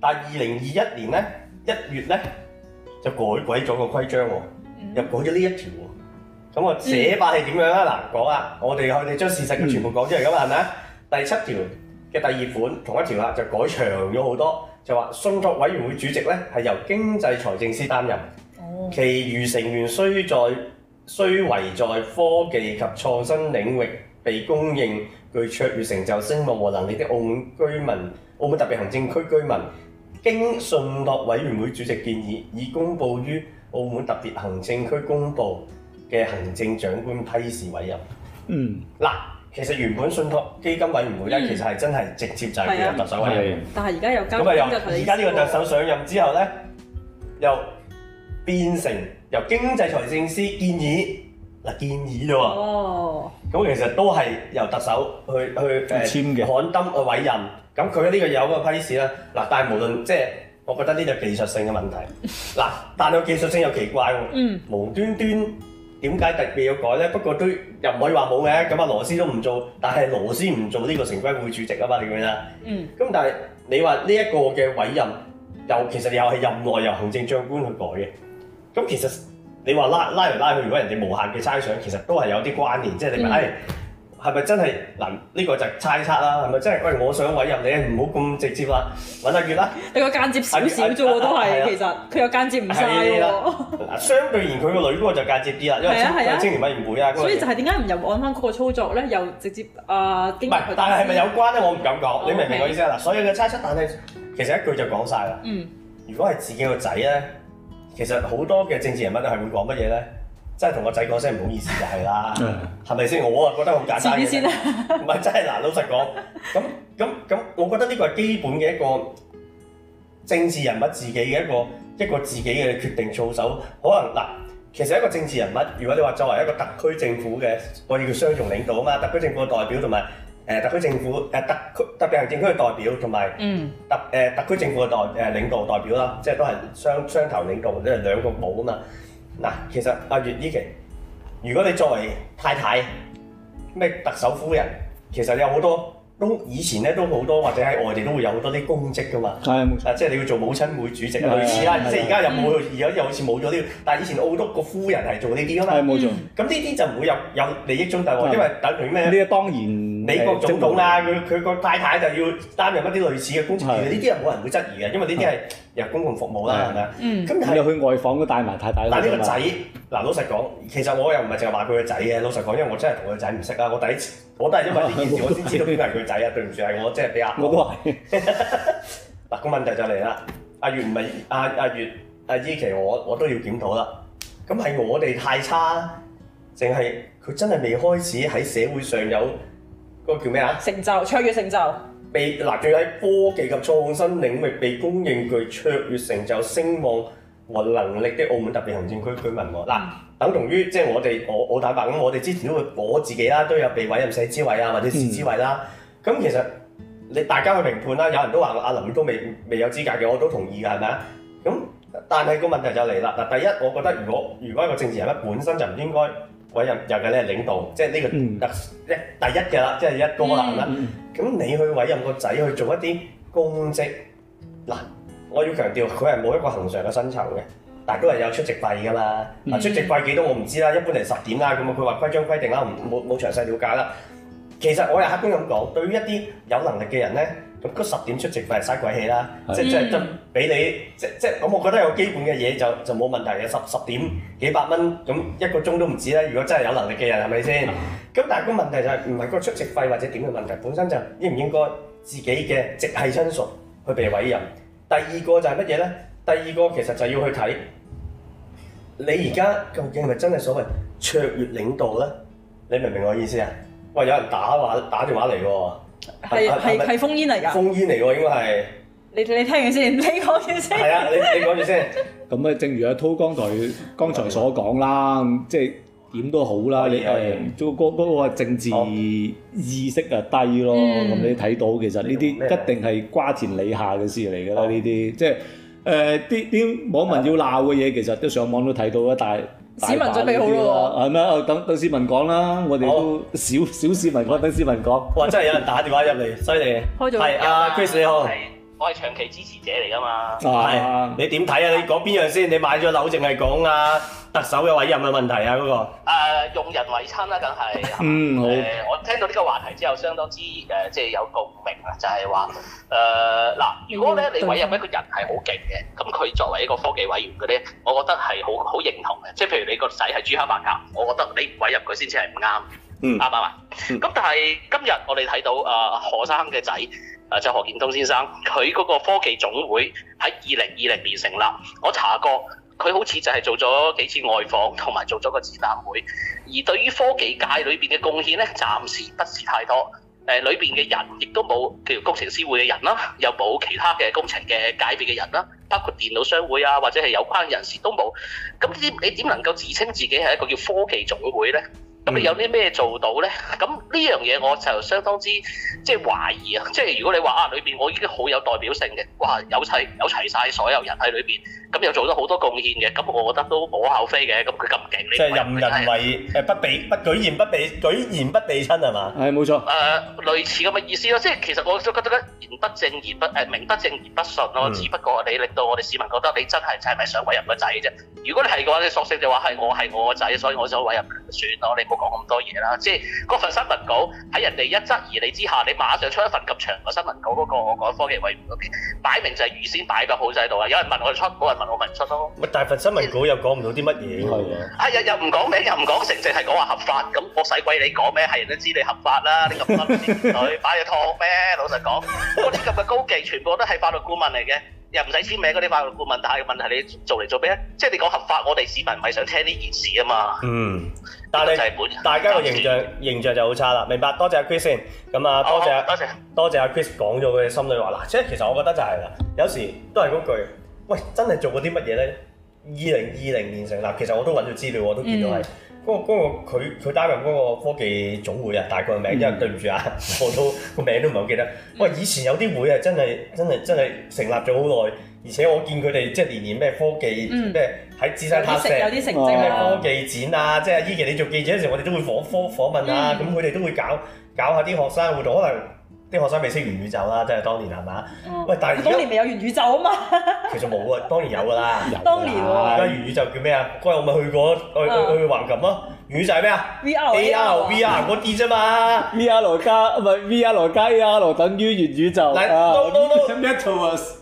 但係二零二一年咧一月咧就改鬼咗個規章喎，又改咗呢一條喎。咁我寫法係點樣咧？嗱，講啊，我哋去你將事實嘅全部講出嚟噶嘛？係咪 第七條嘅第二款同一條啦，就改長咗好多，就話信託委員會主席咧係由經濟財政司擔任，其餘成員需在需為在科技及創新領域被公認具卓越成就、聲望和能力的澳門居民、澳門特別行政區居民，經信託委員會主席建議，已公佈於澳門特別行政區公佈，嘅行政長官批示委任，嗯，嗱，其實原本信託基金委員會咧，嗯、其實係真係直接就係特首委任，的的但係而家又咁啊，由而家呢個特首上任之後咧，嗯、又變成由經濟財政司建議，嗱，建議啫喎，咁、哦、其實都係由特首去去誒簽嘅，刊登啊委任，咁佢呢個有個批示咧，嗱，但係無論即係，就是、我覺得呢個技術性嘅問題，嗱， 但係個技術性又奇怪喎， 無端端，端。點解特別要改呢？不過都又唔可以話冇嘅，咁啊羅斯都唔做，但係羅斯唔做呢個城規會主席啊嘛，你明唔明？嗯。咁但係你話呢一個嘅委任，又其實又係任內由行政長官去改嘅。咁其實你話拉拉嚟拉去，如果人哋無限嘅猜想，其實都係有啲關聯，即係你問誒。哎係咪真係嗱？呢個就係猜測啦，係咪真係？喂，我想委任你唔好咁直接話揾阿月啦。你個間接少少啫喎，都係其實佢又間接唔曬喎。嗱，相對而佢個女嗰個就間接啲啦，因為佢有青年委員會啊。所以就係點解唔入按翻嗰個操作咧？又直接啊，經唔係？但係係咪有關咧？我唔敢講。你明唔明我意思啊？嗱，所有嘅猜測，但係其實一句就講晒啦。嗯。如果係自己個仔咧，其實好多嘅政治人物係會講乜嘢咧？真係同個仔講聲唔好意思就係啦，係咪先？我啊覺得好簡單嘅，唔係真係嗱，老實講，咁咁咁，我覺得呢走 個係基本嘅一個政治人物自己嘅一個一個自己嘅決定操守，可能嗱，其實一個政治人物，如果你話作為一個特區政府嘅，我哋叫雙重領導啊嘛，特區政府嘅代表同埋誒特區政府誒、呃、特區特別行政區嘅代表同埋，嗯，特、呃、誒特區政府嘅代誒、呃、領導代表啦，即係都係雙雙頭領導，即係兩個寶啊嘛。嗱，其實阿、啊、月依琪，如果你作為太太，咩特首夫人，其實你有好多都以前咧都好多，或者喺外地都會有好多啲公職噶嘛。係錯啊，即係你要做母親會主席啊，對類似啦。即係而家又冇，而家、嗯、又好似冇咗啲，但係以前好督個夫人係做呢啲噶嘛。係冇錯。咁呢啲就唔會有有利益衝突喎，對因為等於咩，呢個當然，美國總統啦，佢佢個太太就要擔任一啲類似嘅工程員，呢啲係冇人會質疑嘅，因為呢啲係入公共服務啦，係咪啊？咁但係你去外訪都帶埋太太。但係呢個仔，嗱老實講，其實我又唔係淨係話佢個仔嘅，老實講，因為我真係同佢個仔唔識啊，我第一次我都係因為呢件事我先知道邊個係佢仔啊，對唔住係我真係比較。我嗱，個問題就嚟啦，阿月唔係阿阿月阿依琪，我我都要檢討啦。咁係我哋太差，淨係佢真係未開始喺社會上有。個叫咩啊？成就，卓越成就。被嗱，住、啊、喺科技及創新領域被公認具卓越成就、聲望和能力的澳門特別行政區居民喎。嗱，啊嗯、等同於即係我哋，我我坦白咁，我哋之前都會我自己啦，都有被委任省支委啊，或者市支委啦。咁、嗯、其實你大家去評判啦，有人都話阿林都未未有資格嘅，我都同意嘅，係咪啊？咁但係個問題就嚟啦。嗱，第一，我覺得如果如果一個政治人物本身就唔應該。委任有嘅咧領導，即係呢個特一第一嘅啦，嗯、即係一哥啦，係咪、嗯？咁、嗯、你去委任個仔去做一啲公職，嗱，我要強調佢係冇一個恒常嘅薪酬嘅，但係都係有出席費㗎嘛。嗱，喏出席費幾多我唔知啦，一般嚟十點啦咁啊，佢話規章規定啦，冇冇詳細了解啦。其實我又喺邊咁講，對於一啲有能力嘅人咧。嗰十點出席費嘥鬼氣啦，即即即俾你即即咁，即係即係、我覺得有基本嘅嘢就就冇問題。有十十點幾百蚊，咁一個鐘都唔止啦。如果真係有能力嘅人，係咪先？咁 但係個問題就係唔係個出席費或者點嘅問題，本身就應唔應該自己嘅直系親屬去被委任？第二個就係乜嘢咧？第二個其實就要去睇你而家究竟係咪真係所謂卓越領導咧？你明唔明我意思啊？喂，有人打話打電話嚟喎。係係係，烽煙嚟、烽煙嚟嘅應該係。你你聽完先，你講住先。係啊，你你講住先。咁啊，正如阿濤剛才剛才所講啦，即係點都好啦，議你做嗰嗰個政治意識啊低咯。咁好你睇到其實呢啲一定係瓜田李下嘅事嚟㗎啦。呢啲即係誒啲啲網民要鬧嘅嘢，其實都上網都睇到啦，但係。市民準備好喇，係咪、 啊？等市民講啦，我哋都小小市民講， 等市民講。 哇，真係有人打電話入嚟，犀利，啊，Chris，你好。 我係長期支持者嚟噶嘛，係哇你點睇啊？你講邊樣先？你買咗樓，啊，淨係講啊特首嘅委任嘅問題啊嗰，那個？誒、呃、用人為親啦，啊，梗係。嗯好，呃。我聽到呢個話題之後，相當之誒即係有共鳴啊，就係話誒嗱，如果咧你委任一個人係好勁嘅，咁佢作為一個科技委員嗰啲，我覺得係好好認同嘅。即係譬如你個仔係朱克伯格，我覺得你唔委任佢先至係唔啱。嗯，啱啱咁但係今日我哋睇到啊何生嘅仔，誒就即係何建東先生，佢嗰個科技總會喺二零二零年成立。我查過佢好似就係做咗幾次外訪，同埋做咗個展覽會。而對於科技界裏邊嘅貢獻咧，暫時不是太多。誒裏邊嘅人亦都冇，譬如工程師會嘅人啦，又冇其他嘅工程嘅界別嘅人啦，包括電腦商會啊，或者係有關人士都冇。咁呢啲你點能夠自稱自己係一個叫科技總會咧？咁你、嗯、有啲咩做到咧？咁呢樣嘢我就相當之即係、就是、懷疑啊！即、就、係、是、如果你話啊，裏邊我已經好有代表性嘅，哇，有齊有齊晒所有人喺裏邊。咁又做咗好多貢獻嘅，咁我覺得都無口厚非嘅。咁佢咁勁，即係任人為誒不比 不舉言不比舉言不比親係嘛？係冇、哎、錯。誒、呃、類似咁嘅意思咯，即係其實我都覺得言不正言不誒名、呃、不正言不順咯。嗯、只不過你令到我哋市民覺得你真係就係咪想委任個仔啫？如果你係嘅話，你索性就話係我係我個仔，所以我想委任。算啦，你唔好講咁多嘢啦。即係嗰份新聞稿喺人哋一質疑你之下，你馬上出一份咁長嘅新聞稿。嗰、那個我講科技委員嗰邊擺明就係預先擺喺個號仔度啊！有人問我哋出，冇人我問出咯，咪大份新聞稿又講唔到啲乜嘢？係、嗯、啊，係日日唔講名，又唔講成，淨係講話合法。咁我使鬼你講咩？係人都知你合法啦，你咁嘅團隊擺嘢託咩？老實講，嗰啲咁嘅高技全部都係法律顧問嚟嘅，又唔使簽名嗰啲法律顧問。但係問題你做嚟做咩？即、就、係、是、你講合法，我哋市民唔係想聽呢件事啊嘛。嗯，但係大家個形象形象就好差啦。明白。多謝阿 Chris 先，咁啊，多謝、啊、多謝、啊、多謝阿、啊、Chris 講咗佢心裏話啦。即係其實我覺得就係啦，有時都係嗰句。嗯喂，真係做過啲乜嘢呢？二零二零年成立，其實我都揾咗資料，我都見到係嗰、嗯嗰個佢佢、嗰個、擔任嗰個科技總會啊，大概嘅名，因為、嗯、對唔住啊，我都個名都唔係好記得。喂，以前有啲會啊，真係真係真係成立咗好耐，而且我見佢哋即係年年咩科技，即係喺自山塔石有啲成，成績咩、哦、科技展、哦、啊，即係以前你做記者嘅時候，我哋都會訪訪訪問啊，咁佢哋都會搞搞下啲學生會活動。可能啲學生未識元宇宙啦，即係當年係嘛？喂，但係當年未有元宇宙啊嘛。其實冇啊，當然有㗎啦。有。當年喎。而家元宇宙叫咩啊？嗰日我咪去過去去去橫琴咯。元宇宙係咩啊？V R A R V R 嗰啲啫嘛。V R 羅卡唔係 V R 羅卡，A R 羅等於元宇宙。No no no。m e t a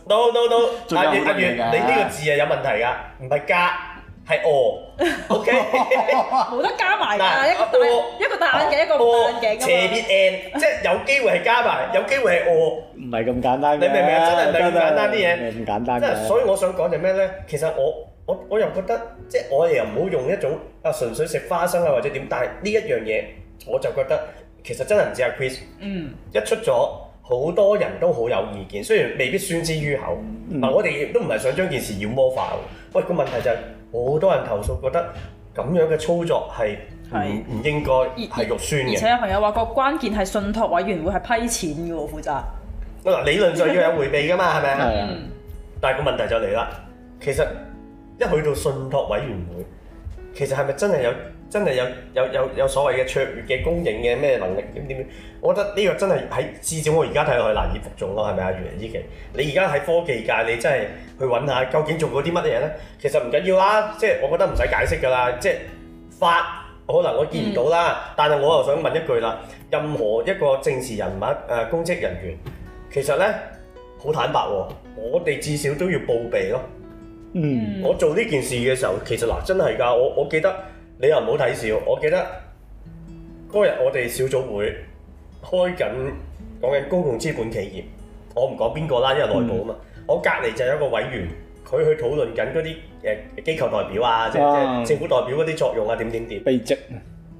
No no no。啊，等於你呢個字係有問題㗎，唔係加。係哦，OK，冇得加埋啊！一個一個戴眼鏡，一個唔戴眼鏡，斜邊 end，即係有機會係加埋，有機會係哦，唔係咁簡單。你明唔明啊？真係唔係咁簡單啲嘢，唔係咁簡單。所以我想講就咩咧？其實我我我又覺得，即係我哋又唔好用一種啊，純粹食花生啊或者點，但係呢一樣嘢我就覺得其實真係唔似阿 Chris，嗯，一出咗好多人都好有意見，雖然未必宣之於口，嗱我哋亦都唔係想將件事妖魔化喎。喂，個問題就係。好多人投訴，覺得咁樣嘅操作係唔唔應該，係肉酸嘅。而且有朋友話個關鍵係信託委員會係批錢嘅，我負責。理論上要有回避㗎嘛，係咪啊？ 但係個問題就嚟啦，其實一去到信託委員會，其實係咪真係有？真係有有有有所謂嘅卓越嘅供應嘅咩能力點點點？我覺得呢個真係喺至少我而家睇落去，難以服眾咯，係咪啊？袁志奇，你而家喺科技界，你真係去揾下究竟做過啲乜嘢呢？其實唔緊要啦，即係我覺得唔使解釋㗎啦。即係法可能我見唔到啦，嗯、但係我又想問一句啦。任何一個政治人物誒、呃、公職人員，其實呢，好坦白喎、哦，我哋至少都要報備咯。嗯，我做呢件事嘅時候，其實嗱真係㗎，我我，我記得。你又唔好睇小。我記得嗰日我哋小組會開緊講緊公共資本企業，我唔講邊個啦，因為內部啊嘛。嗯、我隔離就有一個委員，佢去討論緊嗰啲誒機構代表啊，即係政府代表嗰啲作用啊，點點點。秘籍？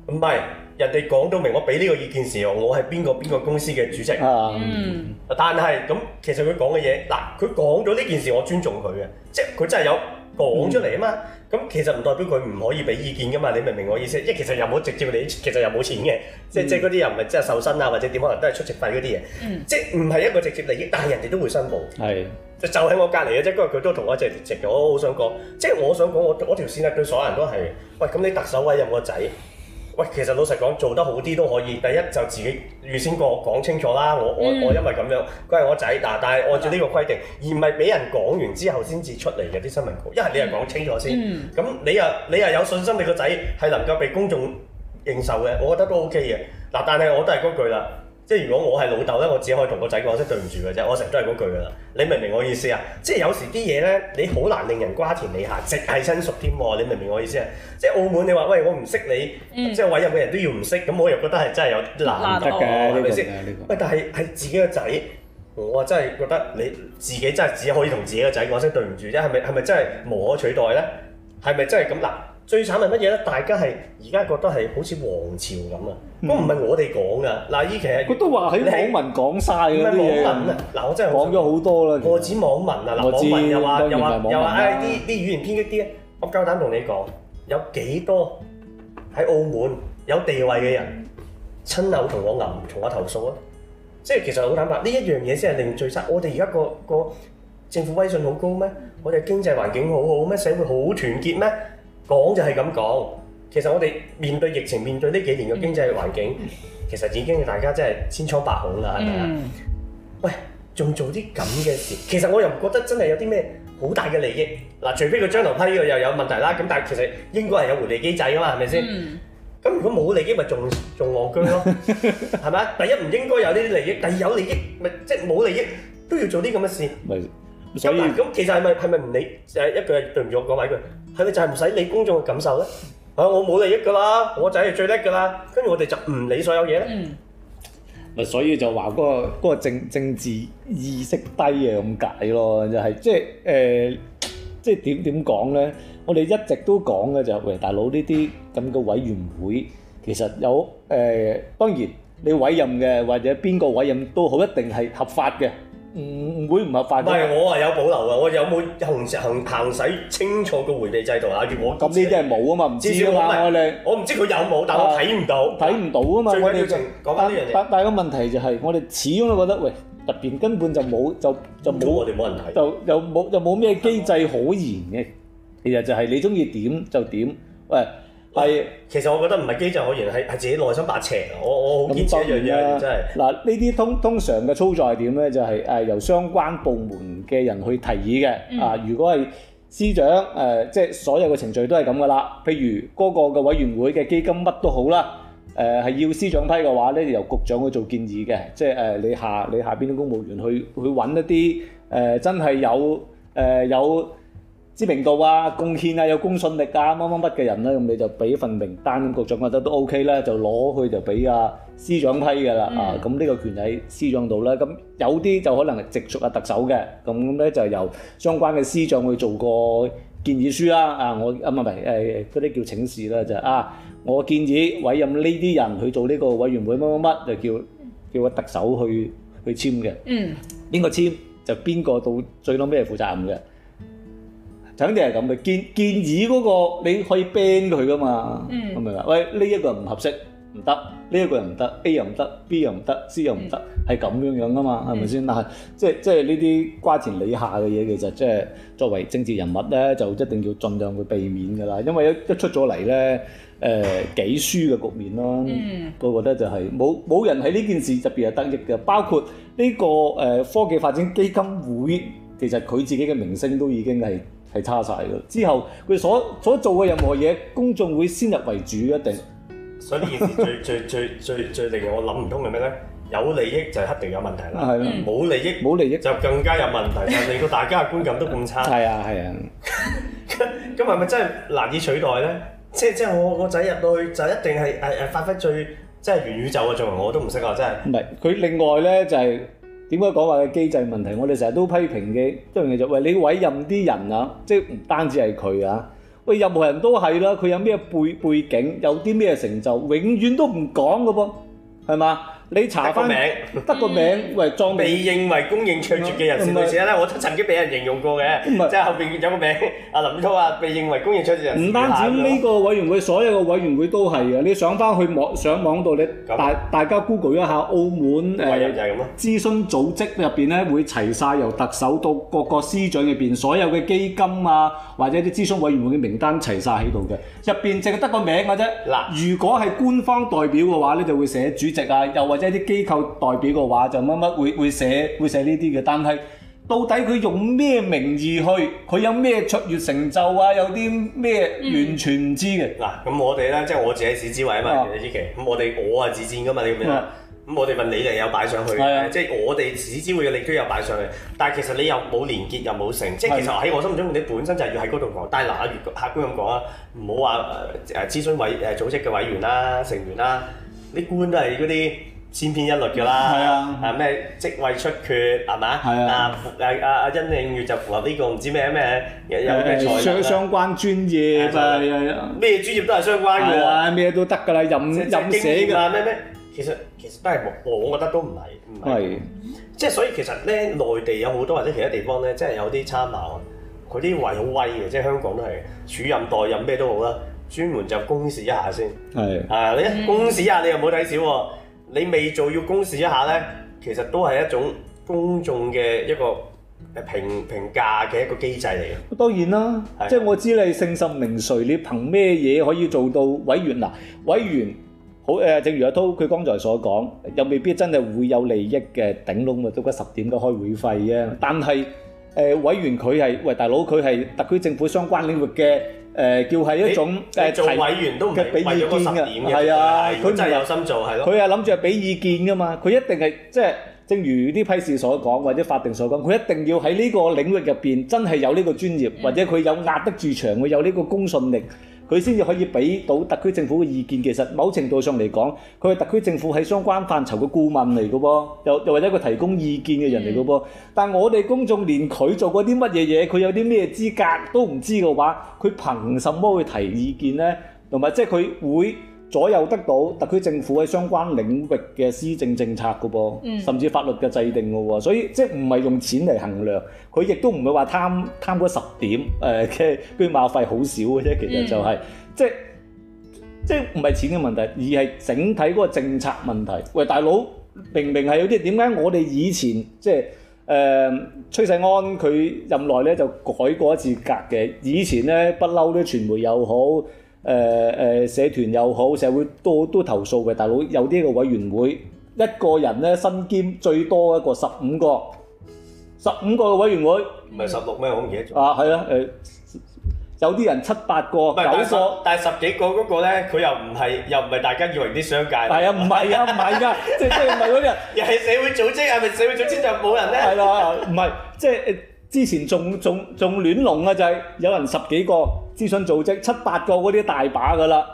唔係，人哋講到明我，我俾呢個意見時我係邊個邊個公司嘅主席。啊、嗯，但係咁，其實佢講嘅嘢，嗱，佢講咗呢件事，我尊重佢嘅，即係佢真係有。講、嗯、出嚟啊嘛，咁其實唔代表佢唔可以俾意見噶嘛，你明唔明我意思？因為其實又冇直接利益，其實有有、嗯、又冇錢嘅，即係即係嗰啲又唔係真係受薪啊，或者點可能都係出席費嗰啲嘢，嗯、即係唔係一個直接利益，但係人哋都會申報。係是的 就就喺我隔離嘅啫，因為佢都同我直借嘅，我好想講，即係我想講我我條線啊，對所有人都係，喂咁你特首位有冇個仔？喂，其實老實講，做得好啲都可以。第一就自己預先過講清楚啦。我、嗯、我我因為咁樣，佢係我仔嗱、啊，但係按照呢個規定，而唔係俾人講完之後先至出嚟嘅啲新聞稿。一係你係講清楚先，咁、嗯嗯、你又你又有信心，你個仔係能夠被公眾認受嘅，我覺得都 OK 嘅。嗱、啊，但係我都係嗰句啦。即係如果我係老豆咧，我只可以同個仔講聲對唔住嘅啫。我成日都係嗰句噶啦。你明唔明我意思啊？即係有時啲嘢咧，你好難令人瓜田李下，直係親屬添喎。你明唔明我意思啊？即係澳門你，你話喂我唔識你，嗯、即係委任嘅人都要唔識，咁我又覺得係真係有難得嘅，係咪先？喂，但係係自己個仔，我真係覺得你自己真係只可以同自己個仔講聲對唔住啫。係咪係咪真係無可取代咧？係咪真係咁嗱？最慘係乜嘢咧？大家係而家覺得係好似王朝咁啊！都唔係我哋講噶，嗱依其實佢都話喺網民講晒，嗰啲嘢啦。嗱，我真係講咗好多啦。我指網民啊，嗱，網民又話又話又話，唉、哎！啲啲語言偏激啲，啊。我夠膽同你講，有幾多喺澳門有地位嘅人親口同我吟同我投訴啊？即係其實好坦白，呢一樣嘢先係令最差。我哋而家個個政府威信好高咩？我哋經濟環境好好咩？社會好團結咩？講就係咁講，其實我哋面對疫情，面對呢幾年嘅經濟環境， 其實已經大家真係千瘡百孔啦，係咪啊？ 喂，仲做啲咁嘅事，其實我又唔覺得真係有啲咩好大嘅利益。嗱、啊，除非佢將頭批呢個又有問題啦，咁但係其實應該係有回避機制噶嘛，係咪先？咁 如果冇利益咪仲仲戇居咯，係咪 第一唔應該有呢啲利益，第二有利益咪即係冇利益都要做啲咁嘅事。 咁啊！咁其實係咪係咪唔理誒一句係對唔住我講埋一句，係咪就係唔使理公眾嘅感受咧？啊！我冇利益噶啦，我仔係最叻噶啦，跟住我哋就唔理所有嘢咧。咪、嗯、所以就話嗰、嗰個政、嗰個、政治意識低啊咁解咯，就係即係誒，即係點點講咧？我哋一直都講嘅就係、係：喂，大佬呢啲咁嘅委員會，其實有誒、呃，當然你委任嘅或者邊個委任都好，一定係合法嘅。唔、嗯、會唔係犯？唔係我係有保留嘅，我有冇行行行，行使清楚個回避制度啊？如果咁，呢啲係冇啊嘛，知嘛，至少我哋我唔知佢有冇，但、啊、但我睇唔到，睇唔到啊嘛。我哋們但但個問題就係、是，我哋始終都覺得喂，入邊根本就冇，就就冇我哋冇人睇，就又冇又冇咩機制可言嘅。其實就係你中意點就點，喂。係，其實我覺得唔係機制可言，係係自己內心把尺。我我好堅持一樣嘢，啊、真係是。嗱，呢啲通通常嘅操作係點咧？就係、是、誒由相關部門嘅人去提議嘅。嗯、啊，如果係司長誒，即、呃、係、就是、所有嘅程序都係咁噶啦。譬如嗰個嘅委員會嘅基金乜都好啦。誒、呃、係要司長批嘅話咧，就是、由局長去做建議嘅。即係誒你下你下邊啲公務員去去揾一啲誒、呃、真係有誒有。呃有知名度啊，貢獻啊，有公信力啊，乜乜乜嘅人咧，咁你就俾一份名單，局長覺得都 OK 咧，就攞去就俾阿司長批㗎啦。啊，咁呢個權喺司長度咧，咁有啲就可能係直屬阿特首嘅，咁咧就由相關嘅司長去做個建議書啦。啊，我啊唔係誒嗰啲叫請示啦，就啊，我建議委任呢啲人去做呢個委員會乜乜乜，就叫叫個特首去去簽嘅。嗯，邊個簽就邊個到最屘係負責任嘅。肯定係咁嘅，建建議嗰個你可以 ban 佢噶嘛？咁明啦，喂呢一、這個唔合適，唔得呢一個又唔得，A 又唔得，B 又唔得，C 又唔得，係咁、嗯、樣樣噶嘛？係咪先？嗱、嗯啊，即係即係呢啲瓜田李下嘅嘢，其實即係作為政治人物咧，就一定要盡量去避免噶啦，因為一一出咗嚟咧，誒、呃、幾輸嘅局面咯。我、嗯、覺得就係冇冇人喺呢件事特別係得益嘅，包括呢個誒科技發展基金會，其實佢自己嘅名聲都已經係。係差晒㗎，之後佢所所做嘅任何嘢，公眾會先入為主一定。所以呢件事最最最最最令我諗唔通嘅咩咧？有利益就係一定有問題啦，冇利益冇利益就更加有問題，就令到大家嘅觀感都咁差。係啊係啊，咁咁係咪真係難以取代咧？即係即係我個仔入到去就一定係誒誒發揮最即係元宇宙嘅作為，我都唔識啊！真係唔係佢另外咧就係。點解講話嘅機制問題？我哋成日都批評嘅一樣嘢就係：喂，你委任啲人啊，即係唔單止係佢啊，喂，任何人都係啦。佢有咩背背景，有啲咩成就，永遠都唔講嘅噃，係嘛？你查翻名，得個名為被認為公認卓絕嘅人先到先啦！我都曾經俾人形容過嘅，即係後邊有個名，阿林濤啊被認為公認卓絕嘅人。唔單止呢個委員會，所有嘅委員會都係啊！你上翻去網上網度，你大大家 Google 一下澳門誒諮詢組織入邊咧，會齊曬由特首到各個司長入邊所有嘅基金啊，或者啲諮詢委員會嘅名單齊曬喺度嘅。入邊淨係得個名嘅啫。嗱，如果係官方代表嘅話咧，你就會寫主席啊，又或者。一啲機構代表嘅話就乜乜會，會寫會寫呢啲嘅，但係到底佢用咩名義去，佢有咩卓越成就啊？有啲咩、嗯、完全唔知嘅。嗱、啊、咁我哋咧，即係我自己市諮委啊嘛，李思琪，咁我哋我啊自薦噶嘛，你明嘛？咁、嗯、我哋問你哋有擺上去，嗯啊、即係我哋市諮會嘅力都有擺上去。但係其實你又冇連結又冇成，即係其實喺的、哎、我心目中，你本身就係要喺嗰度講。但係嗱，客觀咁講啊，唔好話誒諮詢委誒組織嘅委員啦、啊、成員啦、啊，你官都係嗰啲。千篇一律嘅啦，啊咩、啊、職位出缺係咪？啊，誒阿阿甄慶月就符合呢、這個唔知咩咩有啲相相關專業咩、啊啊、專業都係相關嘅。咩、啊、都得㗎啦，任任寫嘅。咩咩其實其實都係我我覺得都唔係，即係的所以其實咧，內地有好多或者其他地方咧，即係有啲參謀，佢啲位好威嘅，即係香港都係主任代任咩都好啦，專門就公示一下先。係啊，你一公示下你又唔好睇少喎。你未做要公示一下咧，其實都係一種公眾嘅一個誒評評價嘅一個機制嚟嘅。當然啦，即係我知你姓甚名誰，你憑咩嘢可以做到委員嗱？委員好誒，正如阿滔佢剛才所講，又未必真係會有利益嘅頂籠啊，得嗰十點嘅開會費啫。但係誒委員佢係喂大佬，佢係特區政府相關領域嘅。誒、呃、叫係一種誒你、呃、做委員都唔係為咗個十嘅，係啊，佢就係有心做，係咯、啊。佢係諗住係俾意見㗎嘛，佢一定係即係正如啲批示所講，或者法定所講，佢一定要喺呢個領域入邊真係有呢個專業，嗯、或者佢有壓得住場，佢、嗯、有呢個公信力。佢先至可以俾到特區政府嘅意見，其實某程度上嚟講，佢係特區政府喺相關範疇嘅顧問嚟嘅喎，又又或者一個提供意見嘅人嚟嘅喎。但我哋公眾連佢做過啲乜嘢嘢，佢有啲咩資格都唔知嘅話，佢憑什麼去提意見呢？同埋即係佢會，左右得到特區政府喺相關領域嘅施政政策㗎噃，甚至法律嘅制定㗎喎，所以即係唔係用錢嚟衡量，佢亦都唔會話貪貪嗰十點，誒嘅捐馬費好少嘅啫，其實就係、是嗯、即係即係唔係錢嘅問題，而係整體嗰個政策問題。喂，大佬，明明係有啲點解我哋以前即係誒、呃、崔世安佢任內咧就改過一次格嘅，以前咧不嬲啲傳媒又好。誒誒，社團又好，社會都都投訴嘅。大佬有啲個委員會，一個人咧身兼最多一個十五個，十五個委員會。唔係十六咩？我唔記得咗啊！係啊，誒有啲人七八個，九個，但係十幾個嗰個咧，佢又唔係，又唔係大家以為啲商界。係啊，唔係啊，唔係㗎，即係唔係嗰啲人，又係社會組織，係咪社會組織就冇人咧？係咯，唔係，即係之前仲仲仲亂龍啊，就係有人十幾個。諮詢組織七八個嗰啲大把噶啦，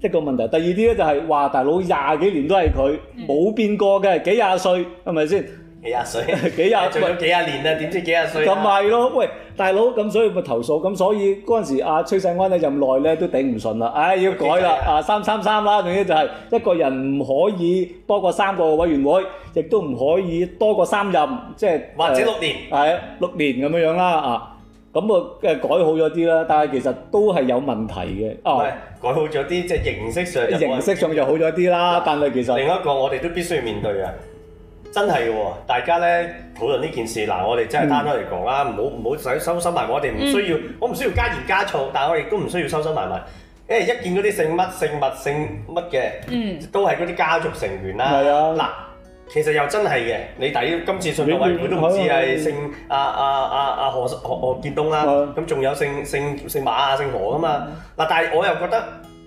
一個問題。第二啲咧就係、是、話大佬廿幾年都係佢，冇、嗯、變過嘅，幾廿歲係咪先？幾廿歲？是是幾廿做幾廿年啦，點知幾廿歲？咁咪咯，喂大佬，咁所以咪投訴。咁所以嗰陣時阿、啊、崔世安咧任內咧都頂唔順啦，唉、哎、要改啦，嗯、啊三三三啦，仲有就係一個人唔可以多過三個委員會，亦都唔可以多過三任，即、就、係、是、或者六年。係六年咁樣樣啦，啊。咁啊，誒改好咗啲啦，但係其實都係有問題嘅。哦，改好咗啲即係形式上，形式上就好咗啲啦。但係其實另一個，我哋都必須要面對嘅，真係嘅喎。大家咧討論呢件事，嗱，我哋真係攤開嚟講啦，唔好唔好使收收埋埋，我哋唔需要，嗯、我唔需要加鹽加醋，但係我哋都唔需要收收埋埋。因一見嗰啲姓乜姓物姓乜嘅，嗯，都係嗰啲家族成員啦。係、嗯、係啊，嗱。其實又真係嘅，你睇今次信託委佢都唔知係姓阿阿阿阿何何建東啦，咁仲有姓姓姓馬啊、姓何啊嘛。嗱，但係我又覺得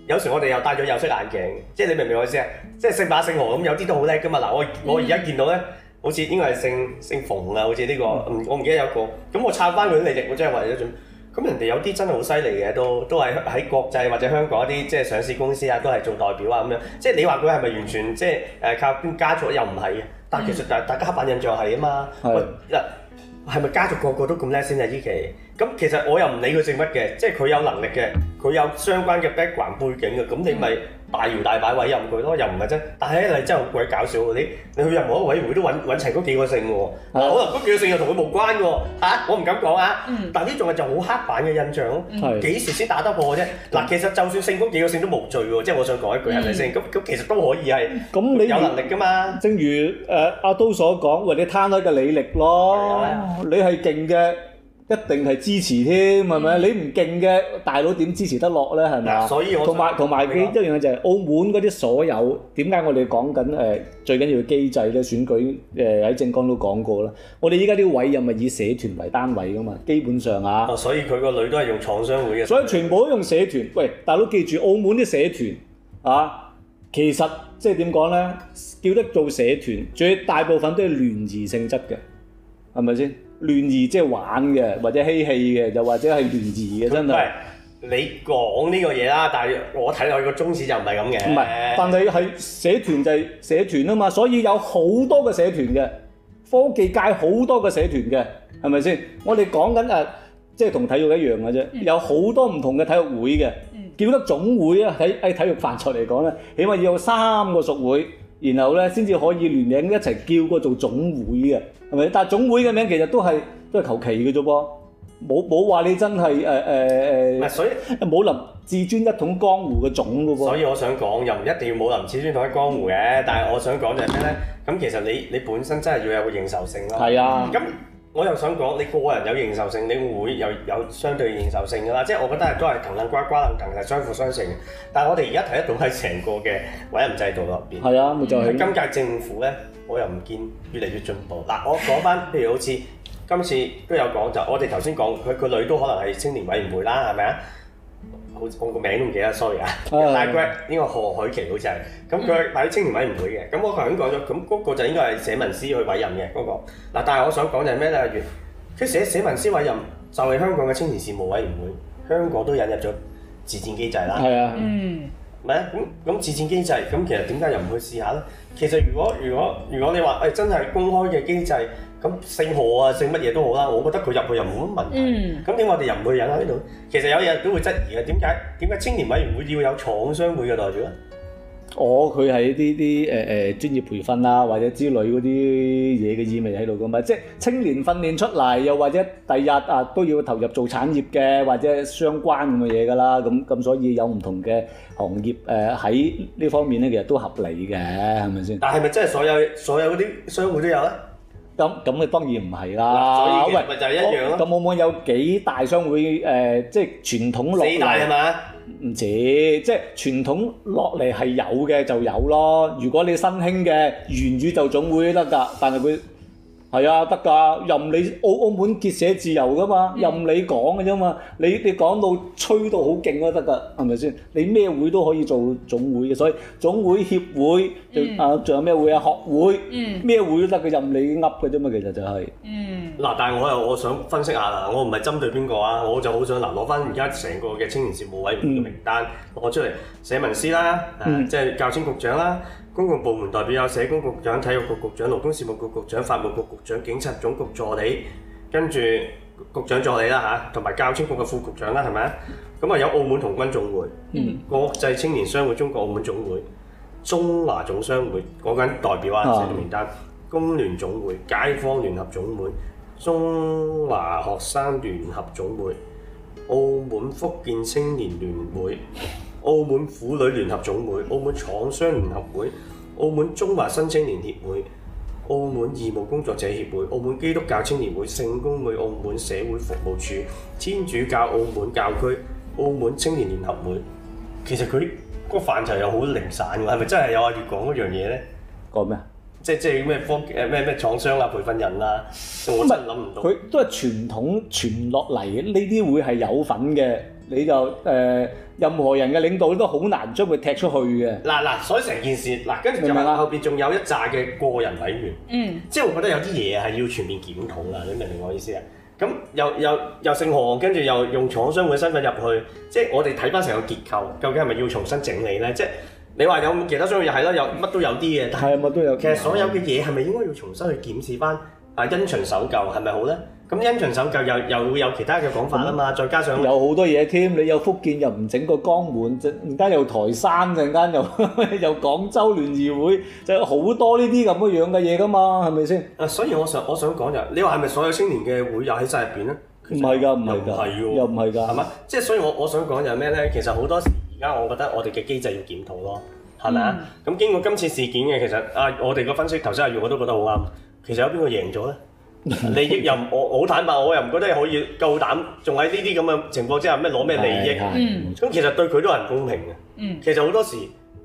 有時我哋又戴咗有色眼鏡，即係你明唔明我意思啊？即係姓馬、姓何咁有啲都好叻噶嘛。嗱，我我而家見到咧、嗯，好似應該係姓姓馮啊，好似呢個，嗯、我唔記得有個。咁我拆翻佢啲利益，我真係為咗準。咁人哋有啲真係好犀利嘅，都都喺喺國際或者香港一啲即係上市公司啊，都係做代表啊咁樣。即係你話佢係咪完全即係誒、呃、靠邊家族？又唔係嘅。但係其實大大家刻板印象係啊嘛。係是。嗱係咪家族個個個都咁叻先啊？依期咁其實我又唔理佢姓乜嘅，即係佢有能力嘅，佢有相關嘅 background 背景嘅，咁你咪。嗯大搖大擺委任佢咯，又唔係啫。但係你真係好鬼搞笑嗰啲，你去任何一個委員會都揾揾齊嗰幾個姓嘅喎。嗱，可能嗰幾個姓又同佢無關嘅喎嚇，我唔敢講嚇。但係呢種係就好刻板嘅印象咯。幾時先打得破啫？嗱，其實就算姓嗰幾個姓都無罪喎，即係我想講一句係咪先？咁咁其實都可以係咁你有能力㗎嘛。正如誒阿都所講，或者攤開個履歷咯，你係勁嘅。一定係支持添，係咪、嗯？你唔勁嘅，大佬點支持得落咧？係咪啊？同埋同埋佢一樣嘅就係澳門嗰啲所有，點解我哋講緊誒最緊要嘅機制咧，選舉誒喺政綱都講過啦。我哋依家啲委任咪以社團為單位噶嘛？基本上啊。所以佢個女都係用廠商會嘅。所以全部都用社團。喂，大佬記住，澳門啲社團啊，其實即係點講咧？叫得做社團，最大部分都係聯誼性質嘅，係咪先？聯誼即係玩嘅，或者嬉戲嘅，又或者係聯誼嘅，真係。你講呢個嘢啦，但係我睇落去個宗旨就唔係咁嘅。唔係，但係係社團就係社團啊嘛，所以有好多個社團嘅，科技界好多個社團嘅，係咪先？我哋講緊誒，即係同體育一樣嘅啫，有好多唔同嘅體育會嘅，叫得總會啊。喺喺體育範疇嚟講咧，起碼要有三個屬會。然後咧，先至可以聯名一齊叫個做總會嘅，係咪？但係總會嘅名其實都係都係求其嘅啫噃，冇冇話你真係誒誒誒，唔、呃、係、呃、所以武林至尊一統江湖嘅種嘅噃。所以我想講又唔一定要武林至尊一統一江湖嘅，但係我想講就係咩咧？咁其實你你本身真係要有個認受性咯。係啊。咁、嗯。我又想講，你個人有認受性，你會會有，有相對認受性㗎啦。即係我覺得都係騰騰呱呱能騰係相輔相成嘅。但係我哋而家睇得到喺成個嘅委任制度入邊，係啊，冇錯。今屆政府咧，我又唔見越嚟越進步。嗱，我講翻，譬如好似今次都有講，就我哋頭先講佢佢女都可能係青年委員會啦，係咪啊？我我個名都唔記得，sorry 啊！ 大概應該何海琪好似係咁，佢喺青年委員會嘅，咁 我頭先講咗，咁嗰個就應該係寫文書去委任嘅嗰、那個。嗱，但係我想講就係咩咧？原佢寫寫文書委任就係、是、香港嘅青年事務委員會，香港都引入咗自薦機制啦。係啊， 嗯，咩啊？咁咁自薦機制，咁其實點解又唔去試下咧？其實如果如果如果你話誒、欸、真係公開嘅機制。咁姓何啊，姓乜嘢都好啦，我覺得佢入去又冇乜問題。咁點解、嗯、我哋又唔會引喺呢度？其實有嘢都會質疑嘅，點解點解青年委員會要有廠商會嘅代表咧？哦，佢係啲啲誒誒專業培訓啊，或者之類嗰啲嘢嘅意味喺度噶嘛？即係青年訓練出嚟，又或者第日啊都要投入做產業嘅，或者相關咁嘅嘢噶啦。咁咁所以有唔同嘅行業誒喺呢方面咧，其實都合理嘅，係咪先？但係咪真係所有所有啲商戶都有咧？咁咁，佢當然唔係啦。所以咪就係一樣咯。咁往往有幾大商會誒、呃？即係傳統落嚟。四大係嘛？唔似，即係傳統落嚟係有嘅就有咯。如果你新興嘅元宇宙總會得㗎，但係佢。係啊，得噶，任你澳澳門結社自由噶嘛，嗯、任你講嘅啫嘛，你你講到吹到好勁都得噶，係咪先？你咩會都可以做總會嘅，所以總會協會啊，仲、嗯、有咩會啊，學會咩、嗯、會都得嘅，任你噏嘅啫嘛，其實就係、是。嗱、嗯，但係我又我想分析下啊，我唔係針對邊個啊，我就好想嗱攞返而家成個嘅青年事務委員嘅名單攞、嗯、出嚟寫文斯啦，誒、嗯啊，即係教青局長啦。公共部門代表有社工局長、體育局局長、勞工事務局局長、法務局局長、警察總局助理，跟住局長助理啦嚇，同埋教青局嘅副局長啦，係咪啊？咁啊有澳門童軍總會，嗯，國際青年商會中國澳門總會，中華總商會講緊代表啊，寫個名單，工聯總會、街坊聯合總會、中華學生聯合總會、澳門福建青年聯會。澳門婦女聯合總會、澳門廠商聯合會、澳門中華新青年協會、澳門義務工作者協會、澳門基督教青年會、聖公會澳門社會服務處、天主教澳門教區、澳門青年聯合會，其實佢個範疇又好零散嘅，係咪真係有要講一樣嘢咧？講咩？即係即係咩科，誒咩咩廠商啊、培訓人啊，我真係諗唔到。佢都係傳統傳落嚟嘅，呢啲會係有份嘅。你就誒、呃、任何人嘅領導都好難將佢踢出去嘅。嗱嗱，所以成件事嗱，跟住就係啦，後邊仲有一紮嘅個人委員，嗯，即係我覺得有啲嘢係要全面檢討啦。你明唔明我意思啊？咁又又又姓何，跟住又用廠商嘅身份入去，即係我哋睇翻成個結構，究竟係咪要重新整理咧？即係你話有其他商業又係咯，有乜都有啲嘅，但係乜都有。其實所有嘅嘢係咪應該要重新去檢視翻？啊，因循守舊係咪好咧？咁因循守舊又又會有其他嘅講法啦嘛，嗯、再加上有好多嘢添，你有福建又唔整個江門，陣間又台山，陣間又呵呵又廣州聯誼會，就係好多呢啲咁嘅樣嘅嘢噶嘛，係咪先？啊，所以我想我想講就，你話係咪所有青年嘅會又喺晒入邊咧？唔係㗎，唔係㗎，又唔係㗎，係嘛？即係所以我我想講就咩咧？其實好多時而家我覺得我哋嘅機制要檢討咯，係咪啊？咁、嗯、經過今次事件嘅，其實啊，我哋個分析頭先阿月我都覺得好啱。其實有邊個贏咗咧？ 利益又我我好坦白，我又唔覺得可以夠膽，仲喺呢啲咁嘅情況之下咩攞咩利益？咁的、嗯、其實對佢都係唔公平嘅。嗯、其實好多時，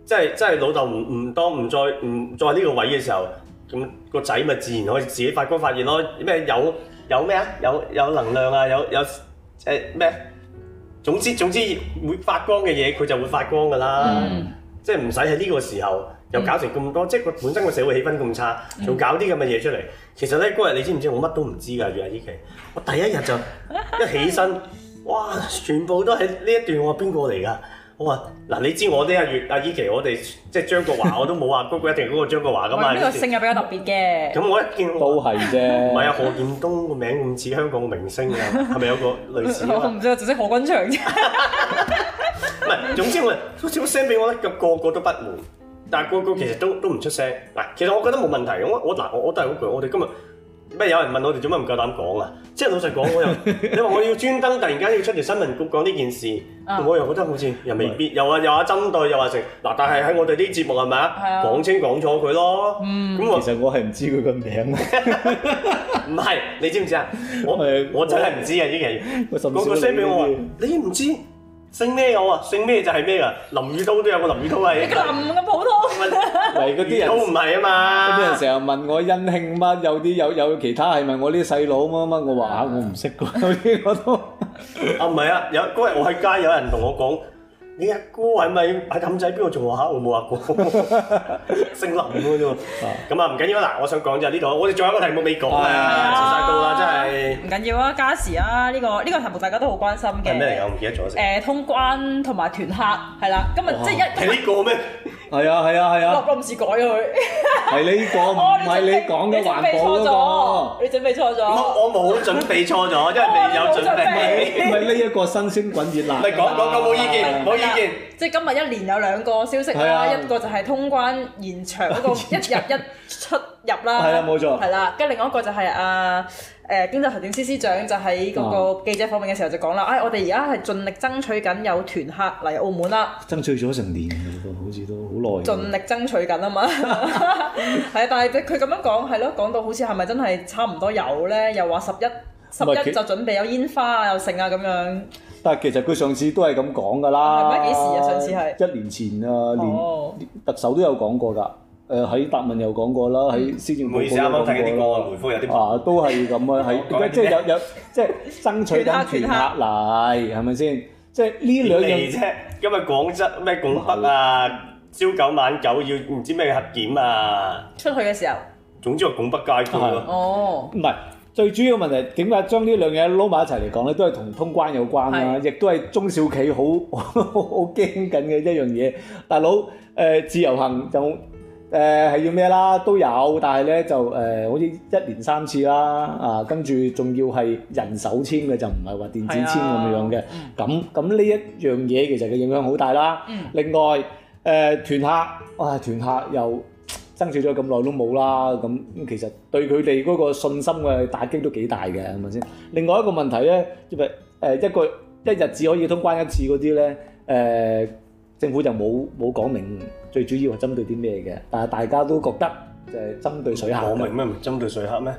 即係即係老豆唔唔當唔在唔在呢個位嘅時候，咁個仔咪、那個、自然可以自己發光發熱咯。咩有有咩啊？有有，有，有能量啊？有有誒咩、呃？總之總之會發光嘅嘢，佢就會發光㗎啦。即係唔使喺呢個時候。又搞成咁多，即係佢本身個社會氣氛咁差，仲搞啲咁嘅嘢出嚟。其實咧嗰日你知唔知我乜都唔知噶，月阿依琪，我第一日就一起身， 哇！全部都係呢一段，我話邊個嚟噶？我話嗱，你知我呢一月阿依琪，我哋即係張國華我都冇話嗰個 一定嗰個張國華噶嘛？呢個姓又比較特別嘅。咁我一見我都係啫，唔係啊？何建東個名咁似香港明星啊？係咪有個類似 我唔知，只識何君祥啫。唔係，總之我，總之 send 俾我咧，我呢個，個個都不滿。但係個個其實都都唔出聲嗱，其實我覺得冇問題，我我嗱我都係嗰句，我哋今日咩有人問我哋做乜唔夠膽講啊？即係老實講，我又因為我要專登突然間要出條新聞局講呢件事，我又覺得好似又未必，又話又話針對，又話成嗱，但係喺我哋啲節目係咪啊？講清講楚佢咯，咁其實我係唔知佢個名，唔係你知唔知啊？我誒我真係唔知啊呢樣，嗰個 send 俾我你唔知。姓咩我啊？姓咩就係咩啊？林宇濤都有個林宇濤係，你個林咁普通，係嗰啲人都唔係啊嘛。嗰啲 人成日問我欣慶乜？有啲有有其他係咪我啲細佬乜乜？我話 啊，我唔識嗰啲，所以我都啊唔係啊，有嗰日我喺街有人同我講。你阿哥係咪喺氹仔喺邊度做啊？我冇話過，姓林嘅啫喎。啊，咁啊唔緊要啦。嗱，我想講就係呢度，我哋仲有一個題目未講啊。啊，折曬刀啦，真係。唔緊要啊，加時啊，呢個呢個題目大家都好關心嘅。係咩嚟啊？我唔記得咗先。誒，通關同埋團客係啦。今日即係一。係你講咩？係啊係啊係啊。我我唔係改咗佢。係你講，唔係你講嘅環保嗰個。你準備錯咗。我冇準備錯咗，因為你有準備。唔係呢一個新鮮滾熱辣。唔係講到我冇意見，唔好意。即係今日一年有兩個消息啦，啊、一個就係通關延長嗰個場一日一,一出入啦，係啦冇錯，係啦了，跟另外一個就係阿誒經濟財政司司長就喺嗰個記者訪問嘅時候就講啦，唉、哎，我哋而家係盡力爭取緊有團客嚟澳門啦，爭取咗成年喎，好似都好耐。盡力爭取緊啊嘛，係 啊樂， 但係佢佢咁樣講係咯，講到好似係咪真係差唔多有咧？又話十一十一就準備有煙花啊，又盛啊咁樣。但係其實佢上次都係咁講噶啦，係幾時啊？上次係一年前啊，連特首都有講過㗎。誒喺答問又講過啦，喺施政報告又講過。啊，都係咁啊！喺而家即係有有即係爭取啲旅客嚟，係咪先？即係呢兩嚟啫。因為廣州咩拱北啊，朝九晚九要唔知咩核檢啊。出去嘅時候。總之係拱北街區咯。哦。唔係。最主要問題，點解將呢兩樣撈埋一齊嚟講咧，都係同通關有關啦、啊，亦都係中小企好好驚緊嘅一樣嘢。大佬誒、呃、自由行就誒係、呃、要咩啦，都有，但係咧就誒、呃、好似一年三次啦啊，跟住仲要係人手簽嘅，就唔係話電子簽咁樣嘅。咁咁呢一樣嘢其實嘅影響好大啦。嗯、另外誒、呃、團客啊、哎，團客又。爭取咗咁耐都冇啦，咁其實對佢哋嗰個信心嘅打擊都幾大嘅，係咪先？另外一個問題咧，因為誒一個一日只可以通關一次嗰啲咧，誒政府就冇冇講明最主要係針對啲咩嘅，但係大家都覺得就係針對水客。我明咩唔針對水客咩？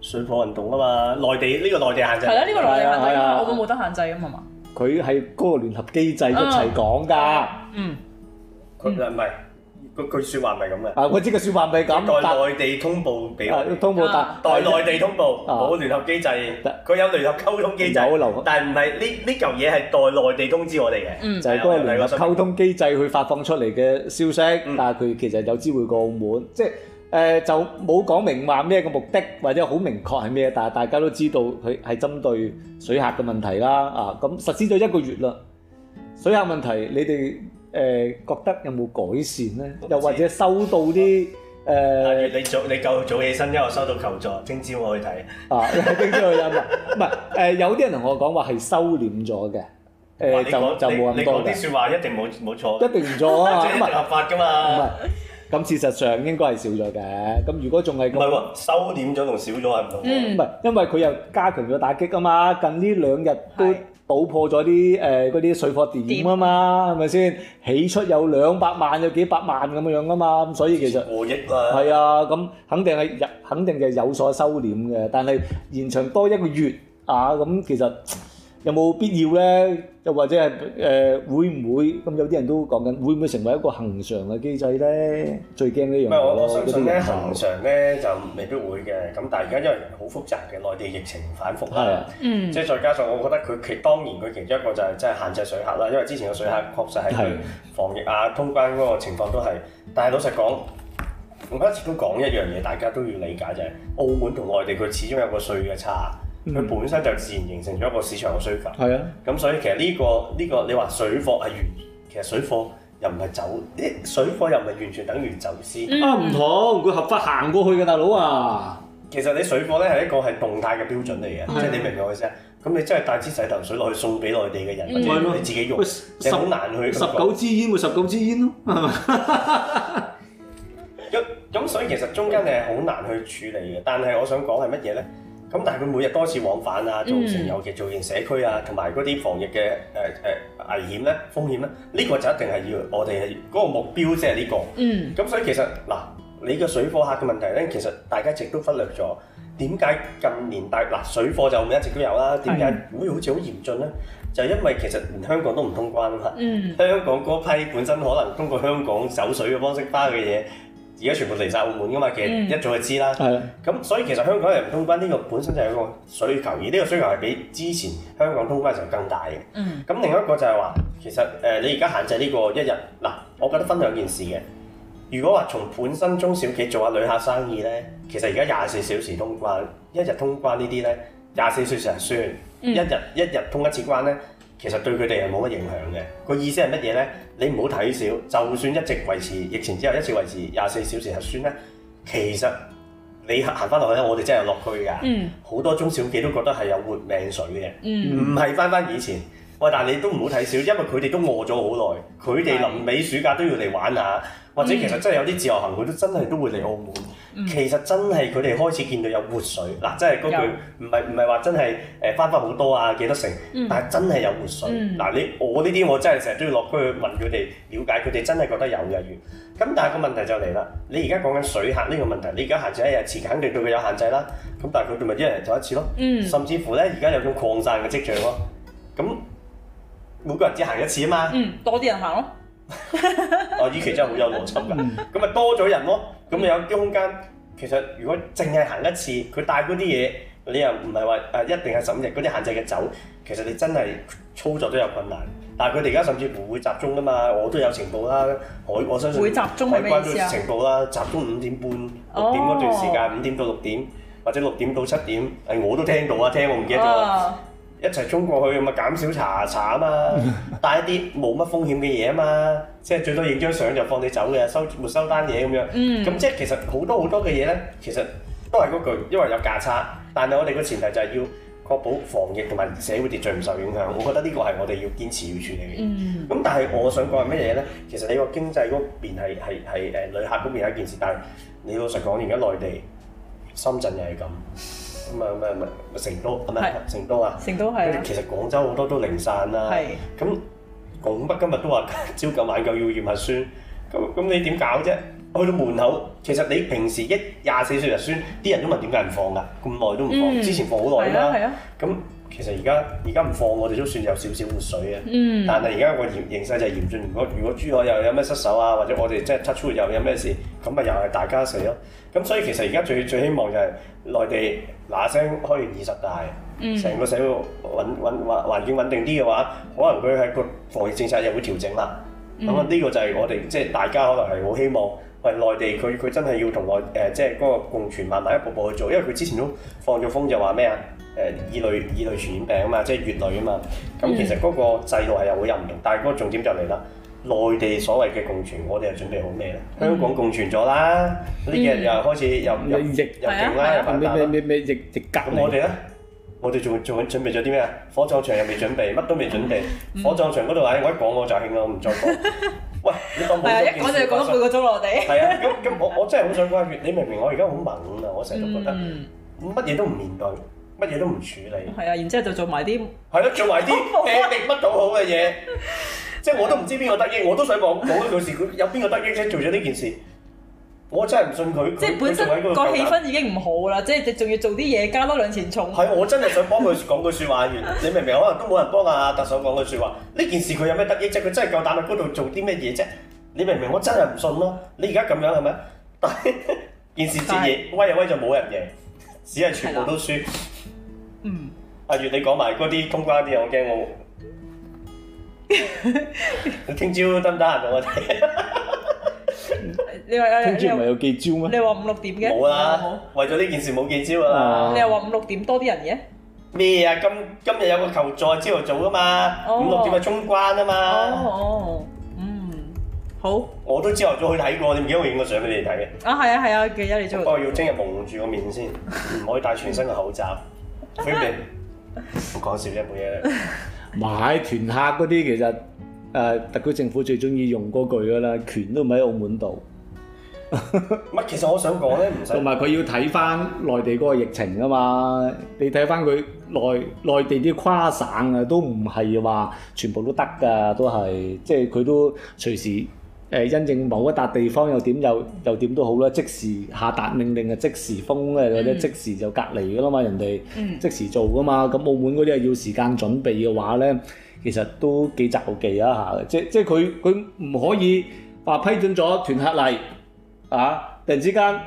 水貨運動啊嘛，內地呢個內地限制係啦，呢個內地我限制啊，外國冇得限制啊嘛嘛。佢係嗰個聯合機制一齊講㗎、啊。嗯，佢唔係。嗯個句説話唔係咁嘅。啊，我知個説話唔係咁。代內地通報俾我啦。代內地通報，冇聯合機制，佢有聯合溝通機制。但唔係呢呢嚿嘢係代內地通知我哋嘅，就係嗰個聯合溝通機制去發放出嚟嘅消息。但係佢其實有知會過澳門，即係誒就冇講明話咩嘅目的，或者好明確係咩？但係大家都知道佢係針對水客嘅問題啦。啊，咁實施咗一個月啦，水客問題你哋。誒覺得有冇改善咧？又或者收到啲誒？你早你夠早起身，因為我收到求助，聽朝我去睇啊，聽朝去睇。唔係誒，有啲人同我講話係收斂咗嘅，誒就就冇咁多嘅。你講啲説話一定冇冇錯，一定唔錯啊嘛，即係合法㗎嘛。唔係，咁事實上應該係少咗嘅。咁如果仲係咁，收斂咗同少咗係唔同嘅。唔係，因為佢又加強咗打擊啊嘛。近呢兩日都。補破咗啲誒啲水貨電影啊嘛，係咪先起出有兩百萬有幾百萬咁樣噶嘛？所以其實係啊，咁、啊、肯定係入肯定係有所收斂嘅，但係延長多一個月啊，咁其實，有冇必要咧？又或者係誒、呃、會唔會咁有啲人都講緊，會唔會成為一個恒常嘅機制咧？最驚呢樣我。唔囉我，我相信咧恆常咧就未必會嘅。咁但係而家因為好複雜嘅內地疫情反覆啦，啊嗯、即係再加上我覺得佢其當然佢其中一個就係即係限制水客啦。因為之前嘅水客確實係佢防疫的啊、通關嗰個情況都係。但係老實講，我一直都講一樣嘢，大家都要理解就係、是、澳門同內地佢始終有個稅嘅差。佢、嗯、本身就自然形成咗一個市場嘅需求。係啊，咁所以其實呢、呢個呢、呢個你話水貨係完，其實水貨又唔係走，水貨又唔係完全等於走私。嗯、啊唔同，佢合法行過去嘅大佬啊。其實你水貨咧係一個係動態嘅標準嚟嘅，即係、啊、你明唔明我意思？咁你真係帶支洗頭水落去送俾內地嘅人，嗯、或者你自己用，啊、你好難去十,十九支煙會十九支煙咯。咁咁所以其實中間你係好難去處理嘅，但係我想講係乜嘢咧？咁但係佢每日多次往返啊，成造成尤其造完社區啊，同埋嗰啲防疫嘅誒誒危險咧風險咧，呢個就一定係要我哋係嗰個目標，即係呢個。嗯。咁所以其實嗱，你嘅水貨客嘅問題咧，其實大家一直都忽略咗。點解近年大嗱水貨就一直都有啦？點解會好似好嚴峻咧？就因為其實連香港都唔通關啦。嗯。香港嗰批本身可能通過香港走水嘅方式花嘅嘢。而家全部嚟晒澳門噶嘛，其實一早就知啦。咁、嗯、所以其實香港人通關呢、呢個本身就係一個需求，而呢個需求係比之前香港通關時候更大嘅。咁、嗯、另外一個就係話，其實誒、呃、你而家限制呢個一日嗱、啊，我覺得分兩件事嘅。如果話從本身中小企做下旅客生意咧，其實而家廿四小時通關、一日通關呢啲咧，廿四小時就算，嗯、一日一日通一次關咧。其實對佢哋係冇乜影響嘅，個意思係乜嘢呢？你唔好睇少，就算一直維持疫情之後一直維持廿四小時核酸呢，其實你行翻落去咧，我哋真係有樂趣㗎。嗯，好多中小企都覺得係有活命水嘅，唔係翻翻以前。喂，但係你都唔好睇少，因為佢哋都餓咗好耐，佢哋臨尾暑假都要嚟玩下，或者其實真係有啲自由行，佢都真係都會嚟澳門。嗯、其實真係佢哋開始見到有活水，嗱，真係嗰句唔係唔係話真係誒翻翻好多啊幾多成，嗯、但係真係有活水。嗱、嗯，你我呢啲我真係成日都要落去問佢哋了解，佢哋真係覺得有嘅源。咁但係個問題就嚟啦，你而家講緊水客呢個問題，你而家限住一日一次，肯定對佢有限制啦。咁但係佢哋咪一人做一次咯，嗯、甚至乎咧，而家有種擴散嘅跡象咯。咁每個人只行一次啊嘛、嗯，多啲人行咯。啊，呢、 哦、期真係好有邏輯㗎，咁咪 多咗人咯，咁咪有啲空間。其實如果淨係行一次，佢帶嗰啲嘢，你又唔係話誒一定係十五日嗰啲限制嘅走，其實你真係操作都有困難。但係佢哋而家甚至乎會集中㗎嘛，我都有情報啦，我我相信會集中喺咩時候啦？集中五點半六點嗰段時間，五、哦、點到六點或者六點到七點，係我都聽到聽了了啊，聽我唔記得咗。一齊衝過去，咁啊減少查查啊嘛，帶一啲冇乜風險嘅嘢啊嘛，即係最多影張相就放你走嘅，收沒收單嘢咁樣。咁、嗯、即係其實好多好多嘅嘢咧，其實都係嗰句，因為有價差。但係我哋個前提就係要確保防疫同埋社會秩序唔受影響。我覺得呢個係我哋要堅持要處理嘅。咁、嗯、但係我想講係咩嘢咧？其實你個經濟嗰邊係係係誒旅客嗰邊係一件事，但係你老實講，而家內地、深圳又係咁。咁啊咩咩成都係咪是成都啊？成都係。啊、其實廣州好多都零散啦。係、啊。咁拱北今日都話朝九晚九要驗核酸，咁咁你點搞啫？去到門口，其實你平時一廿四小時核酸，啲人都問點解唔放㗎？咁耐都唔放，嗯、之前放好耐啦。係啊。咁、啊。其實而家而家唔放我哋都算有少少活水嘅，嗯、但係而家個形勢就係嚴峻。如果如果珠海又有咩失守啊，或者我哋即係出錯又有咩事，咁咪又係大家死咯。咁所以其實而家最最希望就係內地嗱嗱聲開完二十大，成、嗯、個社會穩穩環環境穩定啲嘅話，可能佢喺個防疫政策又會調整啦。咁啊呢個就係我哋即係大家可能係好希望，喂內地佢佢真係要同我，誒即係嗰個共存，慢慢一步步去做，因為佢之前都放咗風就話咩啊？誒二類二類傳染病啊嘛，即係乙類啊嘛，咁、嗯、其實嗰個制度係又會又唔同，但係嗰個重點就嚟啦。內地所謂嘅共存，我哋係準備好咩咧？香港共存咗啦，呢幾日又開始入入逆入境啦，咩咩咩疫疫隔？我哋咧，我哋仲仲準備咗啲咩啊？火葬場又未準備，乜都未準備。嗯、火葬場嗰度、哎、我一講我就興啦，我唔再講。 喂，一講就講半個鐘落地。係 啊，咁咁我我真係好想講下粵，你明唔明我？我而家好猛啊！我成日都覺得乜嘢 都唔面對。乜嘢都唔處理。係啊，然之後就做埋啲係咯，做埋啲誒定乜到好嘅嘢。即係我都唔知邊個得益，我都想講講，到事，佢有邊個得益啫？做咗呢件事，我真係唔信佢。即係本身個氣氛已經唔好啦，即係你仲要做啲嘢，加多兩錢重。係，我真係想幫佢講句説話，完，你明唔明可能都冇人幫阿特首講句説話。呢件事佢有咩得益啫？佢真係夠膽喺嗰度做啲咩嘢啫？你明唔明？我真係唔信咯。你而家咁樣係咪？但係件事折嘢，威又威就冇人贏，只係全部都輸。嗯，阿月你講埋嗰啲通關啲嘢，我驚我聽朝得唔得閒講我聽？你話聽朝唔係有幾招咩？你話五六點嘅冇啦，為咗呢件事冇幾招啦。你又話五六點多啲人嘅咩啊？今今日有個求助朝頭早噶嘛，五六點嘅通關啊嘛。哦哦，嗯，好。我都朝頭早去睇過，你唔記得影個相俾你哋睇嘅。啊係啊係啊，記得你不過要今日蒙住個面先，唔可以戴全身嘅口罩。分別，我講笑啫，冇嘢。買團客嗰啲其實，誒特區政府最中意用嗰句噶啦，權都唔喺澳門度。唔係，其實我想講咧，唔使。同埋佢要睇翻內地嗰個疫情啊嘛，你睇翻佢內內地啲跨省啊，都唔係話全部都得噶，都係即係佢都隨時。誒因應某一笪地方又點又又點都好啦，即時下達命令啊，即時封啊或者即時就隔離噶啦嘛，人哋即時做噶嘛。咁、嗯、澳門嗰啲係要時間準備嘅話咧，其實都幾詐忌啊嚇！即即係佢佢唔可以話批准咗斷團客嚟啊，突然之間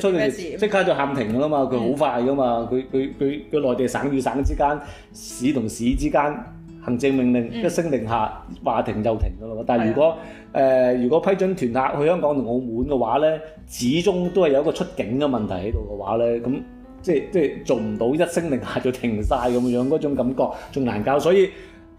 出嚟即刻就喊停噶啦嘛，佢好快噶嘛，佢佢佢佢內地省與省之間，市同市之間。行政命令、嗯、一聲令下話停就停噶啦，但係如果誒的、呃、如果批准團客去香港同澳門嘅話咧，始終都係有一個出境嘅問題喺度嘅話咧，咁即係即係做唔到一聲令下就停晒。咁嘅樣，嗰種感覺仲難搞。所以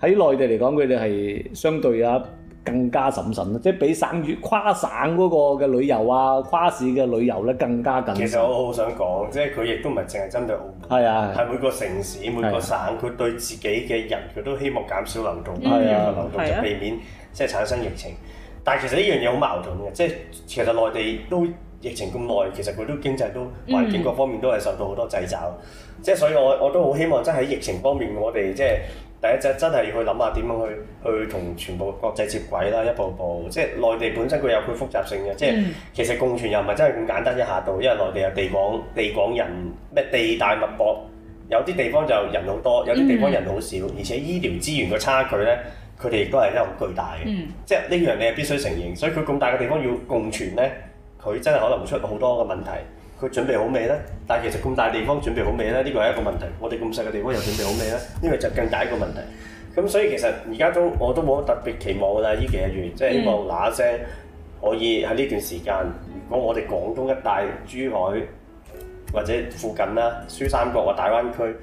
喺內地嚟講，佢哋係相對啦、啊。更加審慎，即係比省越跨省嗰個嘅旅遊啊，跨市嘅旅遊咧更加緊。其實我好想講，即係佢亦都唔係淨係針對澳門，係、啊、每個城市、每個省，佢、啊、對自己嘅人，佢都希望減少流動，減少、啊、流動，就避免、啊、即係產生疫情。但係其實呢樣嘢好矛盾嘅，即係其實內地都疫情咁耐，其實佢都經濟都環境各方面都係受到好多掣肘。即係、嗯、所以我我都好希望，即係喺疫情方面，我哋即係。第一隻真係要去諗下點樣去去同全部國際接軌啦，一步一步即係內地本身佢有佢複雜性嘅。即係其實共存又唔係真係咁簡單一下到，因為內地有地廣地廣人咩地大物博，有啲地方就人好多，有啲地方人好少，mm. 而且醫療資源嘅差距咧，佢哋亦都係一個好巨大嘅，mm. 即係呢樣你係必須承認，所以佢咁大嘅地方要共存咧，佢真係可能會出好多嘅問題。佢準備好未呢？但係其實咁大地方準備好未呢？呢、呢個係一個問題。我哋咁細嘅地方又準備好未呢？呢、呢個就更大一個問題。咁所以其實而家都我都冇特別期望㗎啦。呢幾個月、嗯、即係希望嗱聲可以喺呢段時間，如果我哋廣東一帶、珠海或者附近啦、珠三角或大灣區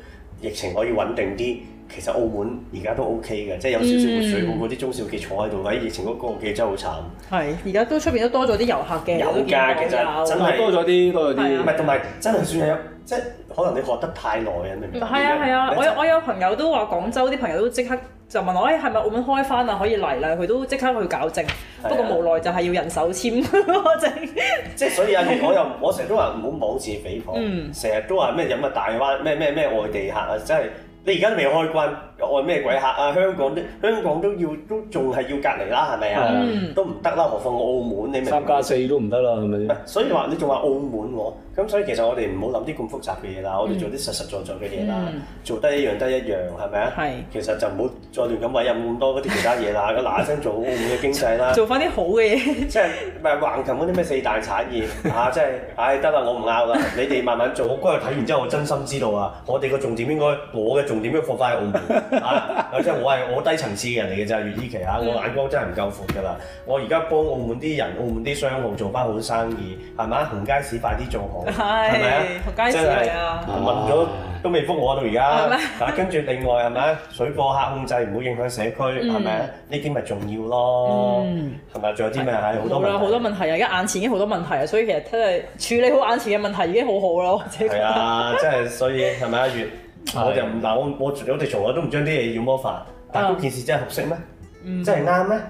疫情可以穩定啲。其實澳門而家都 OK 嘅，即係有少少水庫嗰啲中小企坐喺度，喺疫情嗰個期真係好慘。係而家都出邊都多咗啲遊客嘅，有㗎，其實真係多咗啲多咗啲，唔係同埋真係算係，即係可能你學得太耐啊，你唔係啊係啊！我我有朋友都話廣州啲朋友都即刻就問我：誒係咪澳門開翻啊？可以嚟啦！佢都即刻去搞證，不過無奈就係要人手簽個證。即係所以啊，我又我成日都話唔好妄自菲薄，成日都話咩飲啊大灣咩咩咩外地客啊，真係～你而家都未開關。愛咩鬼客啊！香港啲香港都要都仲係要隔離啦，係咪啊？是是啊 都唔得啦，何況我澳門你咪三加四都唔得啦，係咪？所以話你仲話澳門喎、啊，咁所以其實我哋唔好諗啲咁複雜嘅嘢啦，我哋做啲實實在在嘅嘢啦， 做得一樣得一樣，係咪啊？係。 其實就唔好再亂咁委任咁多嗰啲其他嘢啦，嗱聲做澳門嘅經濟啦， 做翻啲好嘅嘢。 即係唔係橫琴嗰啲咩四大產業啊？即、啊、係，唉得啦，我唔拗啦，你哋慢慢做。我今日睇完之後，我真心知道啊， 我哋個重點應該，我嘅重點應該放翻喺澳門。啊！即係我係我低層次嘅人嚟嘅咋，月醫師啊！我眼光真係唔夠闊噶啦！我而家幫澳門啲人、澳門啲商戶做翻好生意，係咪啊？同街市快啲做好，係咪啊？同街市啊！問咗都未覆我到而家，嗱，跟住另外係咪？水貨客控制唔好影響社區，係咪啊？呢啲咪重要咯，係咪？仲有啲咩啊？好多啦，好多問題啊！而家眼前已經好多問題啊，所以其實真係處理好眼前嘅問題已經好好咯，我自己覺得。係啊，真係，所以係咪啊，月？我就嗱，我我哋從來都唔將啲嘢妖魔化，但嗰件事真係合適咩？真係啱咩？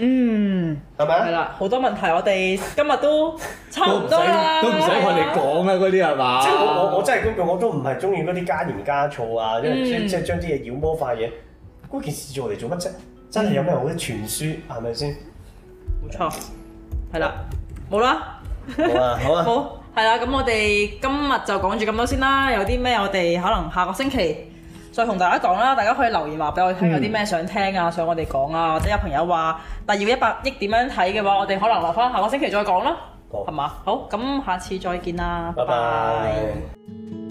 嗯，係咪啊？係啦，好多問題我哋今日都差唔多啦。都唔使我哋講啊，嗰啲係嘛？即係我我真係嗰個我都唔係中意嗰啲加鹽加醋啊，即即即將啲嘢妖魔化嘢，嗰件事做嚟做乜啫？真係有咩好啲傳輸係咪先？冇錯，係啦，冇啦，好啊，好啊。係啦，咁我哋今日就講住咁多先啦。有啲咩我哋可能下個星期再同大家講啦。大家可以留言話俾我聽，有啲咩想聽啊，想我哋講啊，或者有朋友話，但要一百億點樣睇嘅話，我哋可能留返下個星期再講啦。好， 係嘛？好， 咁下次再見啦，拜 拜。